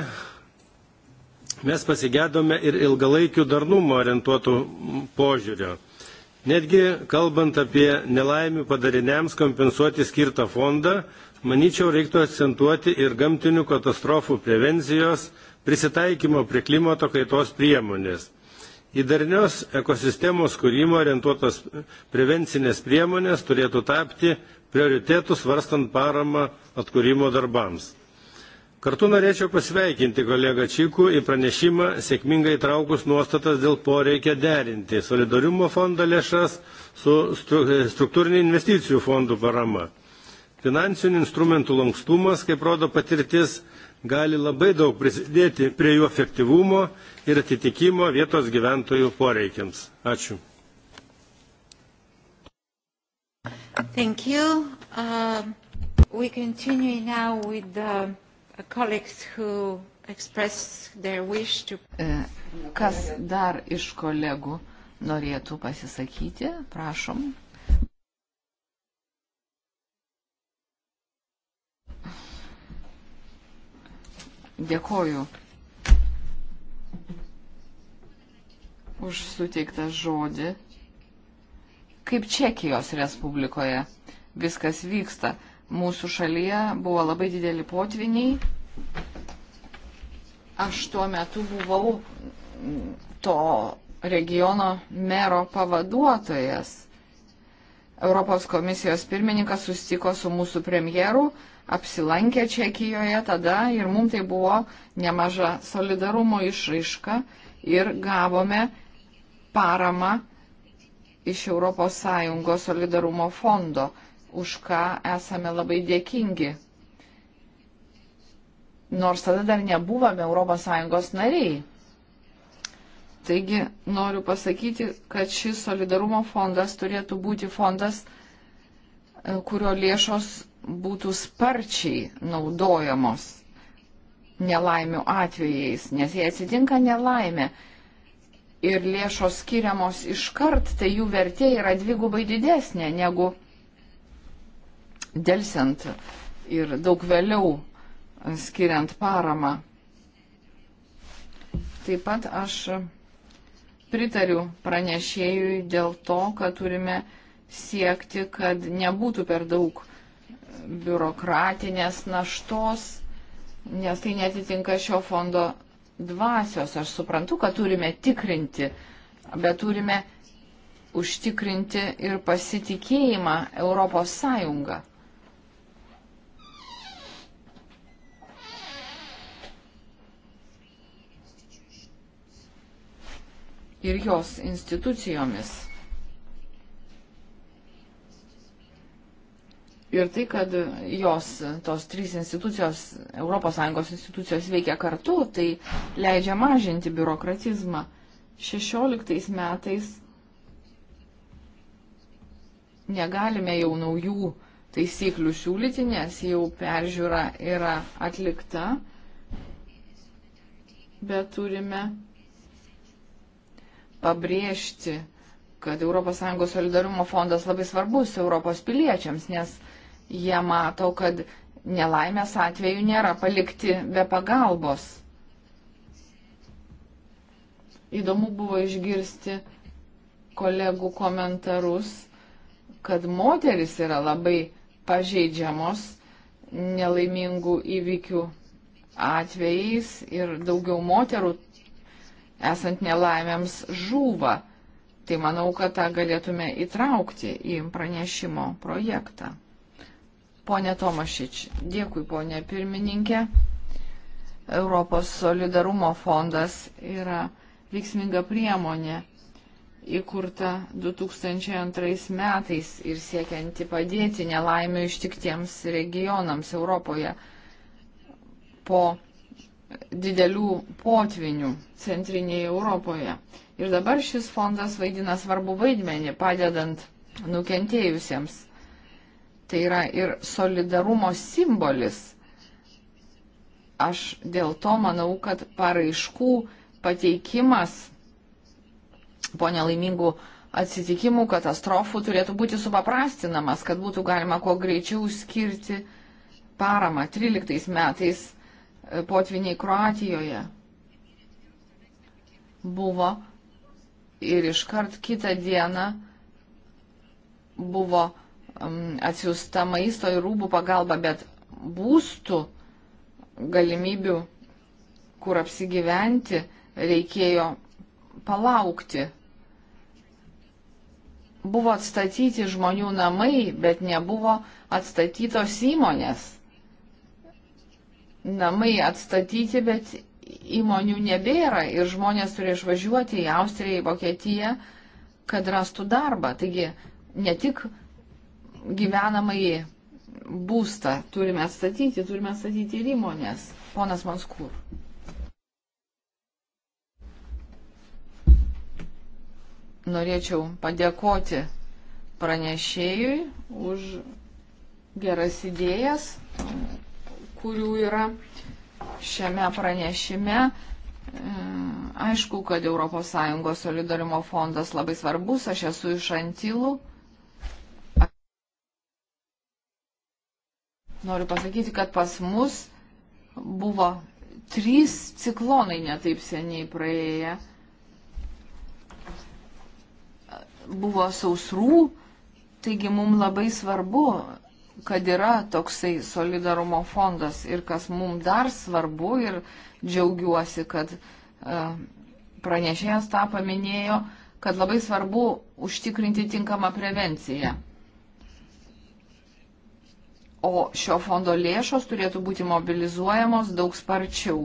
mes pasigėdome ir ilgalaikių darnumo orientuotų požiūrio. Netgi kalbant apie nelaimių padariniams kompensuoti skirtą fondą, manyčiau, reiktų akcentuoti ir gamtinių katastrofų prevencijos, prisitaikymo prie klimato kaitos priemonės. Į darnios ekosistemos kūrimo orientuotos prevencinės priemonės turėtų tapti prioritetų svarstant paramą atkūrimo darbams. Kartu norėčiau pasveikinti kolegą Čikų į pranešimą sėkmingai traukus nuostatas dėl poreikia derinti solidarumo fondo lėšas su struktūrinių investicijų fondų parama. Finansinių instrumentų lankstumas, kaip rodo patirtis, gali labai daug prisidėti prie jų efektyvumo ir atitikimo vietos gyventojų poreikiams. Ačiū. Thank you. Uh, we continue now with the uh, colleagues who expressed their wish to... E, kas dar iš kolegų norėtų pasisakyti? Prašom. Dėkoju už suteiktą žodį. Kaip Čekijos Respublikoje viskas vyksta. Mūsų šalyje buvo labai dideli potviniai. Aš tuo metu buvau to regiono mero pavaduotojas. Europos komisijos pirmininkas sustiko su mūsų premjeru apsilankę Čekijoje tada ir mums tai buvo nemaža solidarumo išraiška ir gavome paramą iš ES solidarumo fondo, už ką esame labai dėkingi. Nors tada dar nebuvome ES nariai. Taigi noriu pasakyti, kad šis solidarumo fondas turėtų būti fondas, e, kurio lėšos būtų sparčiai naudojamos nelaimių atvejais, nes jei atsitinka nelaimė ir lėšos skiriamos iškart, tai jų vertė yra dvigubai didesnė negu dėlsiant ir daug vėliau skiriant paramą. Taip pat aš pritariu pranešėjui dėl to, kad turime siekti, kad nebūtų per daug biurokratinės naštos, nes tai netitinka šio fondo dvasios. Aš suprantu, kad turime tikrinti, bet turime užtikrinti ir pasitikėjimą Europos Sąjungą. Ir jos institucijomis. Ir tai, kad jos, tos trys institucijos, ES institucijos veikia kartu, tai leidžia mažinti biurokratizmą. 16 metais negalime jau naujų taisyklių siūlyti, nes jau peržiūra yra atlikta, bet turime pabrėžti, kad ES solidarumo fondas labai svarbus Europos piliečiams, nes Jie mato, kad nelaimės atveju nėra palikti be pagalbos. Įdomu buvo išgirsti kolegų komentarus, kad moteris yra labai pažeidžiamos nelaimingų įvykių atvejais ir daugiau moterų esant nelaimėms žūva. Tai manau, kad tą galėtume įtraukti į pranešimo projektą. Pone Tomašič, dėkui, ponė pirmininkė. Europos solidarumo fondas yra veiksminga priemonė įkurta 2002 metais ir siekianti padėti nelaimę ištiktiems regionams Europoje po didelių potvinių centrinėje Europoje. Ir dabar šis fondas vaidina svarbu vaidmenį, padedant nukentėjusiems tai yra ir solidarumo simbolis. Aš dėl to manau, kad paraiškų pateikimas po nelaimingų atsitikimų katastrofų turėtų būti supaprastinamas, kad būtų galima kuo greičiau skirti paramą 13 metais e, potviniai Kroatijoje. Buvo ir iškart kitą dieną buvo atsiųsta maisto ir rūbų pagalba, bet būstų galimybių, kur apsigyventi, reikėjo palaukti. Buvo atstatyti žmonių namai, bet nebuvo atstatytos įmonės. Namai atstatyti, bet įmonių nebėra ir žmonės turi išvažiuoti į Austriją, į Vokietiją, kad rastų darbą. Taigi ne tik gyvenamąjį būstą turime atstatyti, turime atstatyti ir įmonės. Ponas Manskur. Norėčiau padėkoti pranešėjui už geras idėjas, kurių yra šiame pranešime. Aišku, kad ES solidarumo fondas labai svarbus, aš esu iš Antilų Noriu pasakyti, kad pas mus buvo trys ciklonai netaip seniai praėję. Buvo sausrų, taigi mums labai svarbu, kad yra toksai solidarumo fondas ir kas mums dar svarbu ir džiaugiuosi, kad e, pranešėjas tą paminėjo, kad labai svarbu užtikrinti tinkamą prevenciją o šio fondo lėšos turėtų būti mobilizuojamos daug sparčiau.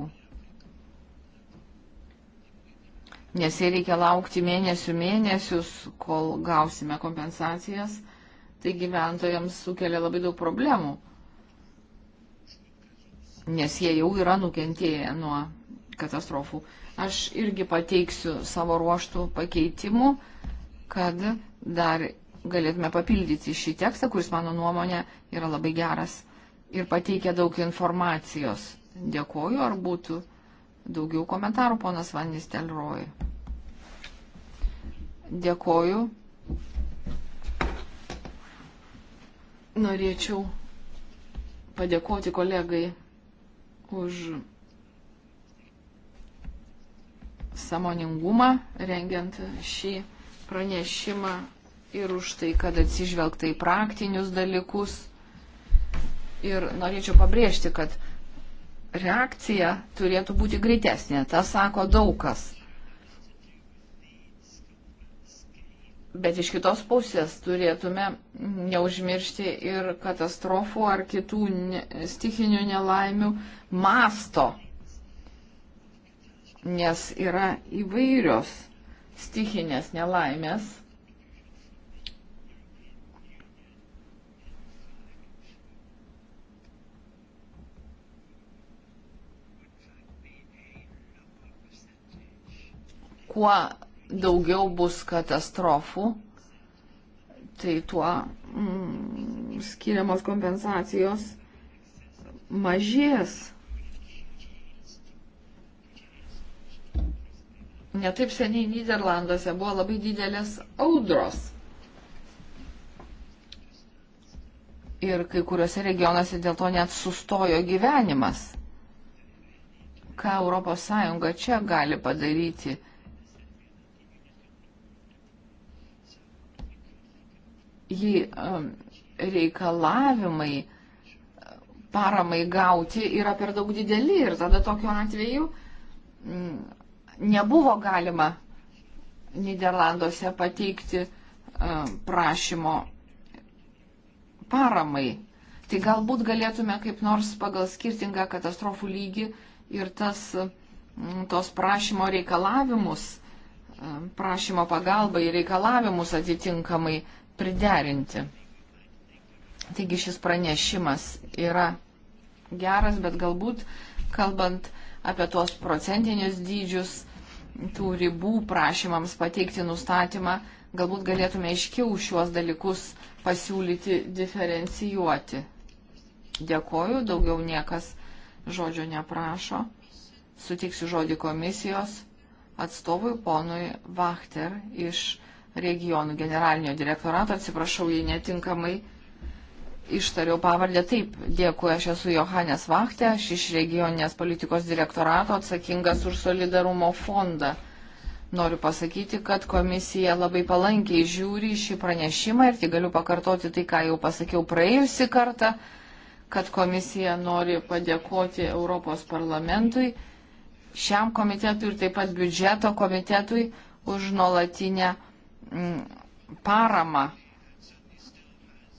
Nes jie reikia laukti mėnesių mėnesius, kol gausime kompensacijas, tai gyventojams sukelia labai daug problemų. Nes jie jau yra nukentėję nuo katastrofų. Aš irgi pateiksiu savo ruoštų pakeitimų, kad dar galėtume papildyti šį tekstą, kuris mano nuomonė yra labai geras ir pateikia daug informacijos. Dėkoju, ar būtų daugiau komentarų, ponas Vandis Telroj. Dėkoju. Norėčiau padėkoti kolegai už samoningumą rengiant šį pranešimą ir už tai, kad atsižvelgta į praktinius dalykus. Ir norėčiau pabrėžti, kad reakcija turėtų būti greitesnė. Ta sako daug kas. Bet iš kitos pusės turėtume neužmiršti ir katastrofų ar kitų stikinių nelaimių masto. Nes yra įvairios stikinės nelaimės kuo daugiau bus katastrofų, tai tuo mm, skiriamos kompensacijos mažės. Netaip seniai Niderlanduose buvo labai didelės audros. Ir kai kuriuose regionuose dėl to net sustojo gyvenimas. Ką ES čia gali padaryti? jį um, reikalavimai uh, paramai gauti yra per daug dideli ir tada tokiu atveju mm, nebuvo galima Niderlanduose pateikti um, prašymo paramai. Tai galbūt galėtume kaip nors pagal skirtingą katastrofų lygį ir tas, mm, tos prašymo reikalavimus, um, prašymo pagalbai reikalavimus atitinkamai uh, priderinti. Taigi šis pranešimas yra geras, bet galbūt kalbant apie tuos procentinius dydžius, tų ribų prašymams pateikti nustatymą, galbūt galėtume aiškiau šiuos dalykus pasiūlyti diferencijuoti. Dėkoju, daugiau niekas žodžio neprašo. Sutiksiu žodį komisijos atstovui ponui Vachter iš regionų generalinio direktorato, atsiprašau, jei netinkamai ištariau pavardę. Taip, dėkui, aš esu Johannes Vachtė, aš iš regioninės politikos direktorato atsakingas už solidarumo fondą. Noriu pasakyti, kad komisija labai palankiai žiūri šį pranešimą ir tik galiu pakartoti tai, ką jau pasakiau praėjusi kartą, kad komisija nori padėkoti Europos parlamentui, šiam komitetui ir taip pat biudžeto komitetui už nuolatinę Mm, paramą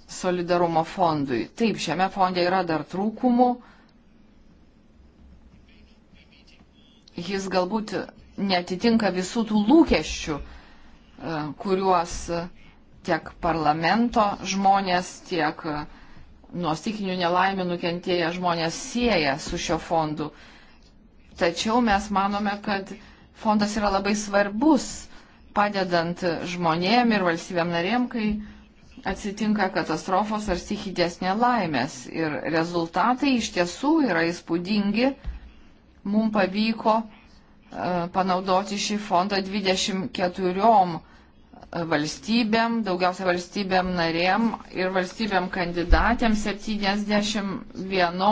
solidarumo fondui. Taip, šiame fonde yra dar trūkumų. Jis galbūt netitinka visų tų lūkesčių, e, kuriuos tiek parlamento žmonės, tiek e, nuo stikinių nelaimių nukentėję žmonės sieja su šio fondu. Tačiau mes manome, kad fondas yra labai svarbus padedant žmonėm ir valstybėm narėm, kai atsitinka katastrofos ar stichidės nelaimės. Ir rezultatai iš tiesų yra įspūdingi. Mums pavyko e, panaudoti šį fondą 24 e, valstybėm, daugiausia valstybėm narėm ir valstybėm kandidatėm 71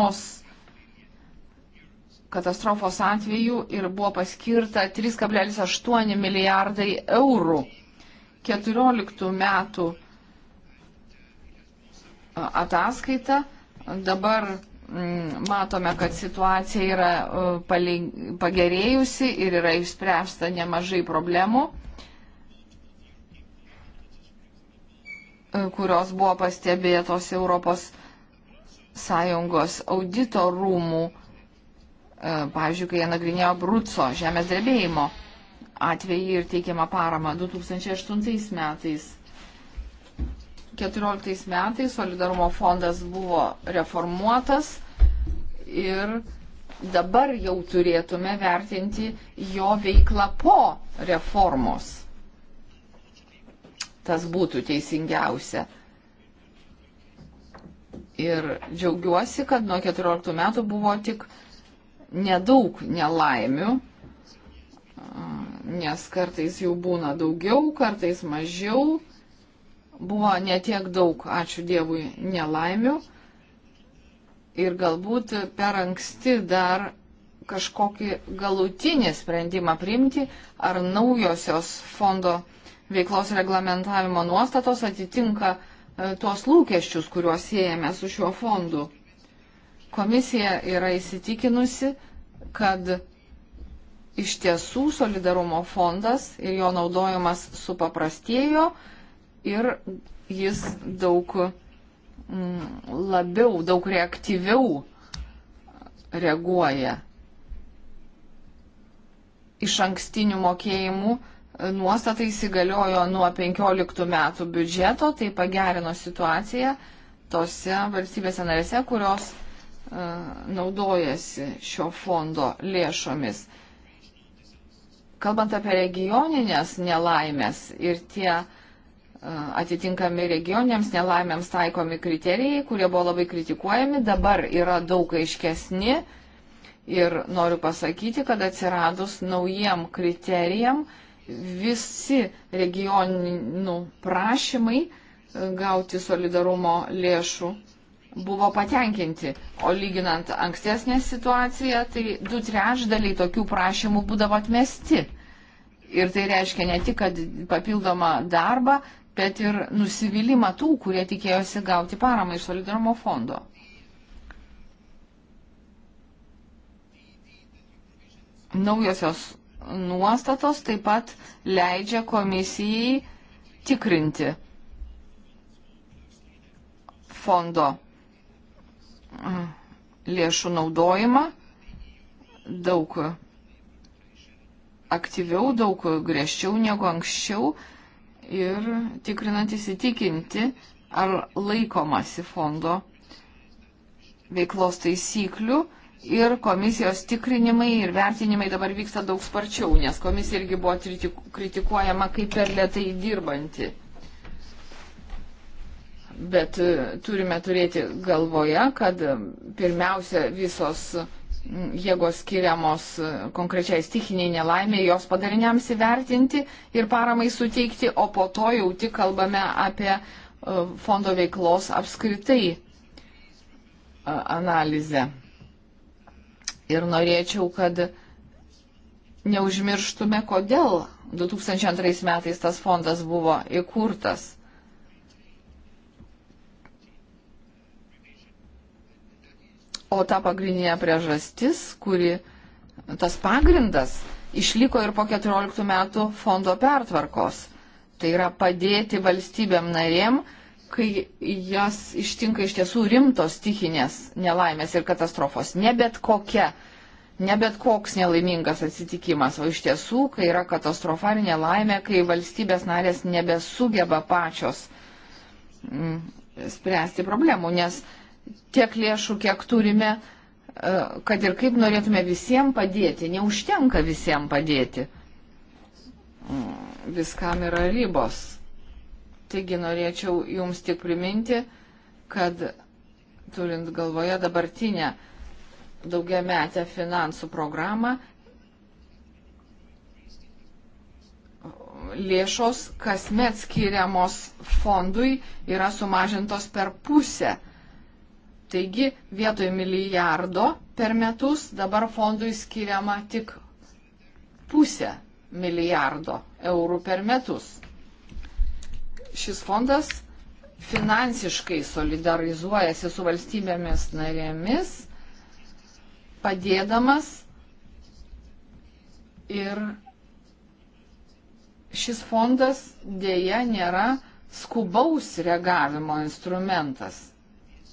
katastrofos atveju ir buvo paskirta 3,8 milijardai eurų. 14 metų ataskaita. Dabar mm, matome, kad situacija yra e, pagerėjusi ir yra išspręsta nemažai problemų, e, kurios buvo pastebėtos Europos Sąjungos audito rūmų E, pavyzdžiui, kai jie nagrinėjo Brutso žemės drebėjimo atvejį ir teikiamą paramą 2008 metais. 2014 metais solidarumo fondas buvo reformuotas ir dabar jau turėtume vertinti jo veiklą po reformos. Tas būtų teisingiausia. Ir džiaugiuosi, kad nuo 2014 metų buvo tik nedaug nelaimių, nes kartais jų būna daugiau, kartais mažiau. Buvo netiek daug, ačiū Dievui, nelaimių. Ir galbūt per anksti dar kažkokį galutinį sprendimą priimti, ar naujosios fondo veiklos reglamentavimo nuostatos atitinka e, tuos lūkesčius, kuriuos siejame su šiuo fondu. Komisija yra įsitikinusi, kad iš tiesų solidarumo fondas ir jo naudojimas supaprastėjo ir jis daug mm, labiau, daug reaktyviau reaguoja. Iš ankstinių mokėjimų nuostata įsigaliojo nuo 15 metų biudžeto, tai pagerino situaciją tose valstybėse narėse, kurios naudojasi šio fondo lėšomis. Kalbant apie regioninės nelaimės ir tie e, atitinkami regioniams nelaimėms taikomi kriterijai, kurie buvo labai kritikuojami, dabar yra daug aiškesni ir noriu pasakyti, kad atsiradus naujiem kriterijam visi regioninių prašymai gauti solidarumo lėšų buvo patenkinti. O lyginant ankstesnę situaciją, tai du trečdaliai tokių prašymų būdavo atmesti. Ir tai reiškia ne tik, kad papildomą darbą, bet ir nusivylimą tų, kurie tikėjosi gauti paramą iš solidarumo fondo. Naujosios nuostatos taip pat leidžia komisijai tikrinti fondo lėšų naudojimą daug aktyviau, daug griežčiau negu anksčiau ir tikrinant įsitikinti, ar laikomasi fondo veiklos taisyklių ir komisijos tikrinimai ir vertinimai dabar vyksta daug sparčiau, nes komisija irgi buvo kritikuojama kaip per lietai dirbanti. Bet e, turime turėti galvoje, kad e, pirmiausia visos jėgos skiriamos e, konkrečiai stichiniai nelaimiai, jos padariniams įvertinti ir paramai suteikti, o po to jau tik kalbame apie fondo veiklos apskritai analizę. Ir norėčiau, kad neužmirštume, kodėl 2002 metais tas fondas buvo įkurtas. O ta pagrindinė priežastis, kuri tas pagrindas išliko ir po 14 metų fondo pertvarkos. Tai yra padėti valstybėm narėm, kai jas ištinka iš tiesų rimtos tikinės nelaimės ir katastrofos. Ne bet kokia, ne bet koks nelaimingas atsitikimas, o iš tiesų, kai yra katastrofalinė laimė, kai valstybės narės nebesugeba pačios mm, spręsti problemų, nes tiek lėšų, kiek turime, e, kad ir kaip norėtume visiems padėti, neužtenka visiems padėti. Mm, viskam yra ribos. Taigi norėčiau Jums tik priminti, kad turint galvoje dabartinę daugiametę finansų programą, lėšos kasmet skiriamos fondui yra sumažintos per pusę Taigi vietoj milijardo per metus dabar fondui skiriama tik pusę milijardo eurų per metus. Šis fondas finansiškai solidarizuojasi su valstybėmis narėmis, padėdamas ir šis fondas dėja nėra skubaus reagavimo instrumentas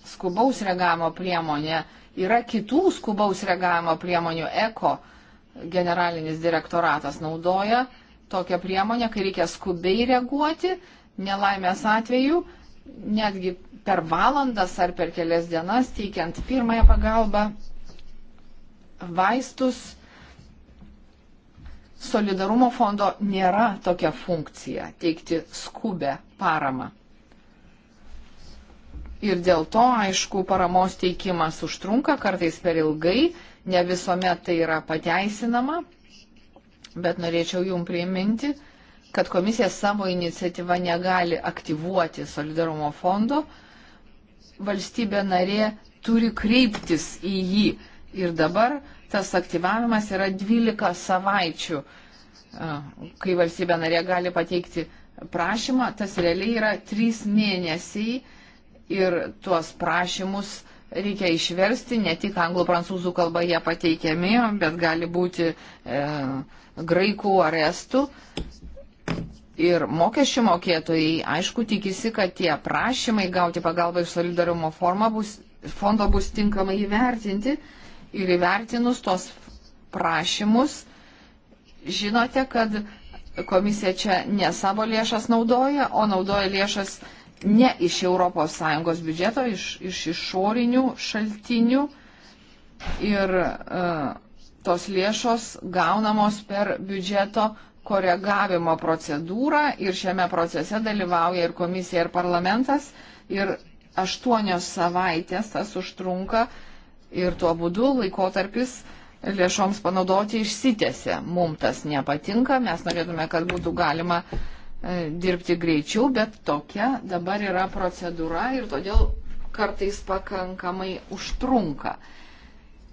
skubaus reagavimo priemonė, yra kitų skubaus reagavimo priemonių. Eko generalinis direktoratas naudoja tokią priemonę, kai reikia skubiai reaguoti nelaimės atveju, netgi per valandas ar per kelias dienas teikiant pirmąją pagalbą, vaistus. Solidarumo fondo nėra tokia funkcija teikti skubę paramą. Ir dėl to, aišku, paramos teikimas užtrunka kartais per ilgai, ne visuomet tai yra pateisinama, bet norėčiau jum priminti, kad komisija savo iniciatyvą negali aktyvuoti solidarumo fondo, valstybė narė turi kreiptis į jį. Ir dabar tas aktyvavimas yra 12 savaičių, kai valstybė narė gali pateikti prašymą, tas realiai yra 3 mėnesiai ir tuos prašymus reikia išversti, ne tik anglų, prancūzų kalba jie pateikiami, bet gali būti e, graikų ar estų. Ir mokesčių mokėtojai, aišku, tikisi, kad tie prašymai gauti pagalbą iš solidarumo bus, fondo bus tinkamai įvertinti. Ir įvertinus tos prašymus, žinote, kad komisija čia ne savo lėšas naudoja, o naudoja lėšas ne iš ES biudžeto, iš, iš išorinių šaltinių ir uh, tos lėšos gaunamos per biudžeto koregavimo procedūrą ir šiame procese dalyvauja ir komisija, ir parlamentas. Ir aštuonios savaitės tas užtrunka ir tuo būdu laikotarpis lėšoms panaudoti išsitėse. Mums tas nepatinka, mes norėtume, kad būtų galima E, dirbti greičiau, bet tokia dabar yra procedūra ir todėl kartais pakankamai užtrunka.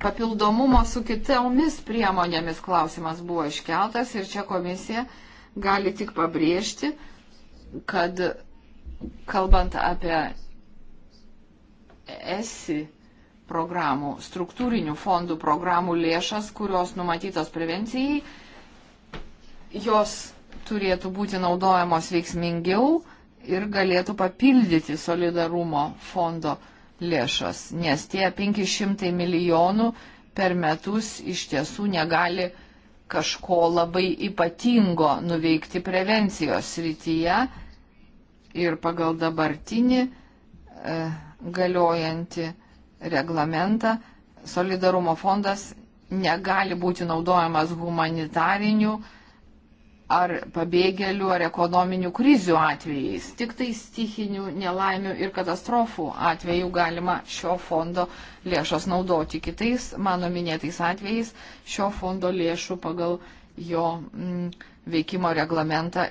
Papildomumo su kitomis priemonėmis klausimas buvo iškeltas ir čia komisija gali tik pabrėžti, kad kalbant apie esi programų, struktūrinių fondų programų lėšas, kurios numatytos prevencijai, jos turėtų būti naudojamos veiksmingiau ir galėtų papildyti solidarumo fondo lėšas, nes tie 500 milijonų per metus iš tiesų negali kažko labai ypatingo nuveikti prevencijos srityje ir pagal dabartinį e, galiojantį reglamentą solidarumo fondas negali būti naudojamas humanitarinių e, ar pabėgėlių, ar ekonominių krizių atvejais. Tik tai stichinių nelaimių ir katastrofų atveju galima šio fondo lėšas naudoti. Kitais mano minėtais atvejais šio fondo lėšų pagal jo mm, veikimo reglamentą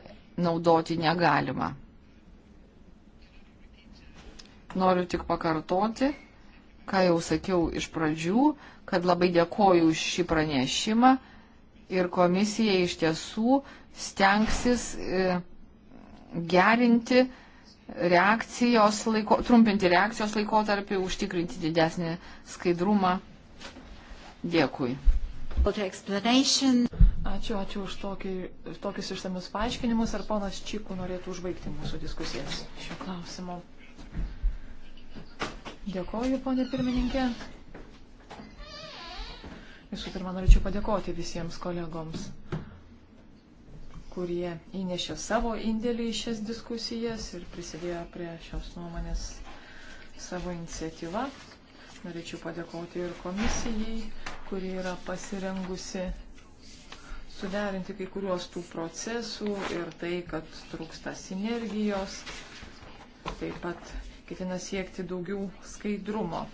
naudoti negalima. Noriu tik pakartoti, ką jau sakiau iš pradžių, kad labai dėkoju už šį pranešimą ir komisija iš tiesų stengsis e, gerinti reakcijos laiko, trumpinti reakcijos laikotarpį, užtikrinti didesnį skaidrumą. Dėkui. Ačiū, ačiū už tokį, tokius išsamius paaiškinimus. Ar ponas Čikų norėtų užbaigti mūsų diskusijas šiuo klausimu? Dėkoju, ponė pirmininkė. Visų pirma, norėčiau padėkoti visiems kolegoms, kurie įnešė savo indėlį į šias diskusijas ir prisidėjo prie šios nuomonės savo iniciatyvą. Norėčiau padėkoti ir komisijai, kuri yra pasirengusi suderinti kai kuriuos tų procesų ir tai, kad trūksta sinergijos, taip pat ketina siekti daugiau skaidrumo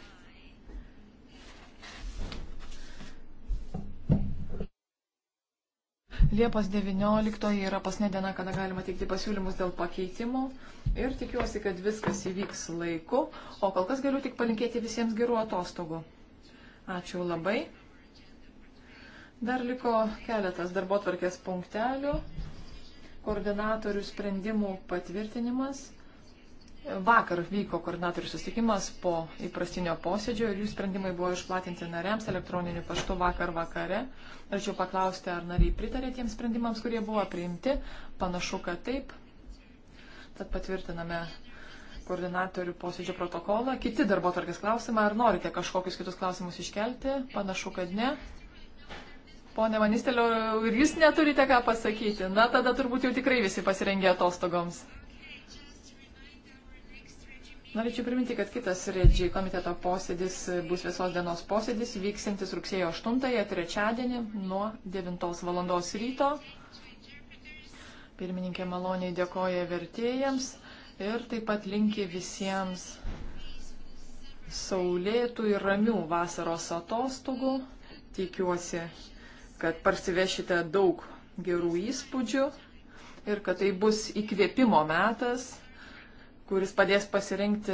Liepos 19 yra pasne diena, kada galima teikti pasiūlymus dėl pakeitimų ir tikiuosi, kad viskas įvyks laiku, o kol kas galiu tik palinkėti visiems gerų atostogų. Ačiū labai. Dar liko keletas darbo tvarkės punktelių. Koordinatorių sprendimų patvirtinimas. Vakar vyko koordinatorių susitikimas po įprastinio posėdžio ir jų sprendimai buvo išplatinti nariams elektroniniu paštu vakar vakare. Norėčiau paklausti, ar nariai pritarė tiems sprendimams, kurie buvo priimti. Panašu, kad taip. Tad patvirtiname koordinatorių posėdžio protokolą. Kiti darbo tarkės klausimai, ar norite kažkokius kitus klausimus iškelti? Panašu, kad ne. Pone Manistelio, ir jūs neturite ką pasakyti. Na, tada turbūt jau tikrai visi pasirengė atostogoms. Norėčiau priminti, kad kitas Redžiai komiteto posėdis bus visos dienos posėdis, vyksintis rugsėjo 8-ąją, trečiadienį nuo 9 val. ryto. Pirmininkė maloniai dėkoja vertėjams ir taip pat linki visiems saulėtų ir ramių vasaros atostogų. Tikiuosi, kad parsivešite daug gerų įspūdžių ir kad tai bus įkvėpimo metas kuris padės pasirinkti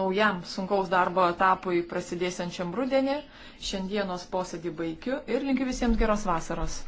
naujam sunkaus darbo etapui prasidėsiančiam rudenį. Šiandienos posėdį baigiu ir linkiu visiems geros vasaros.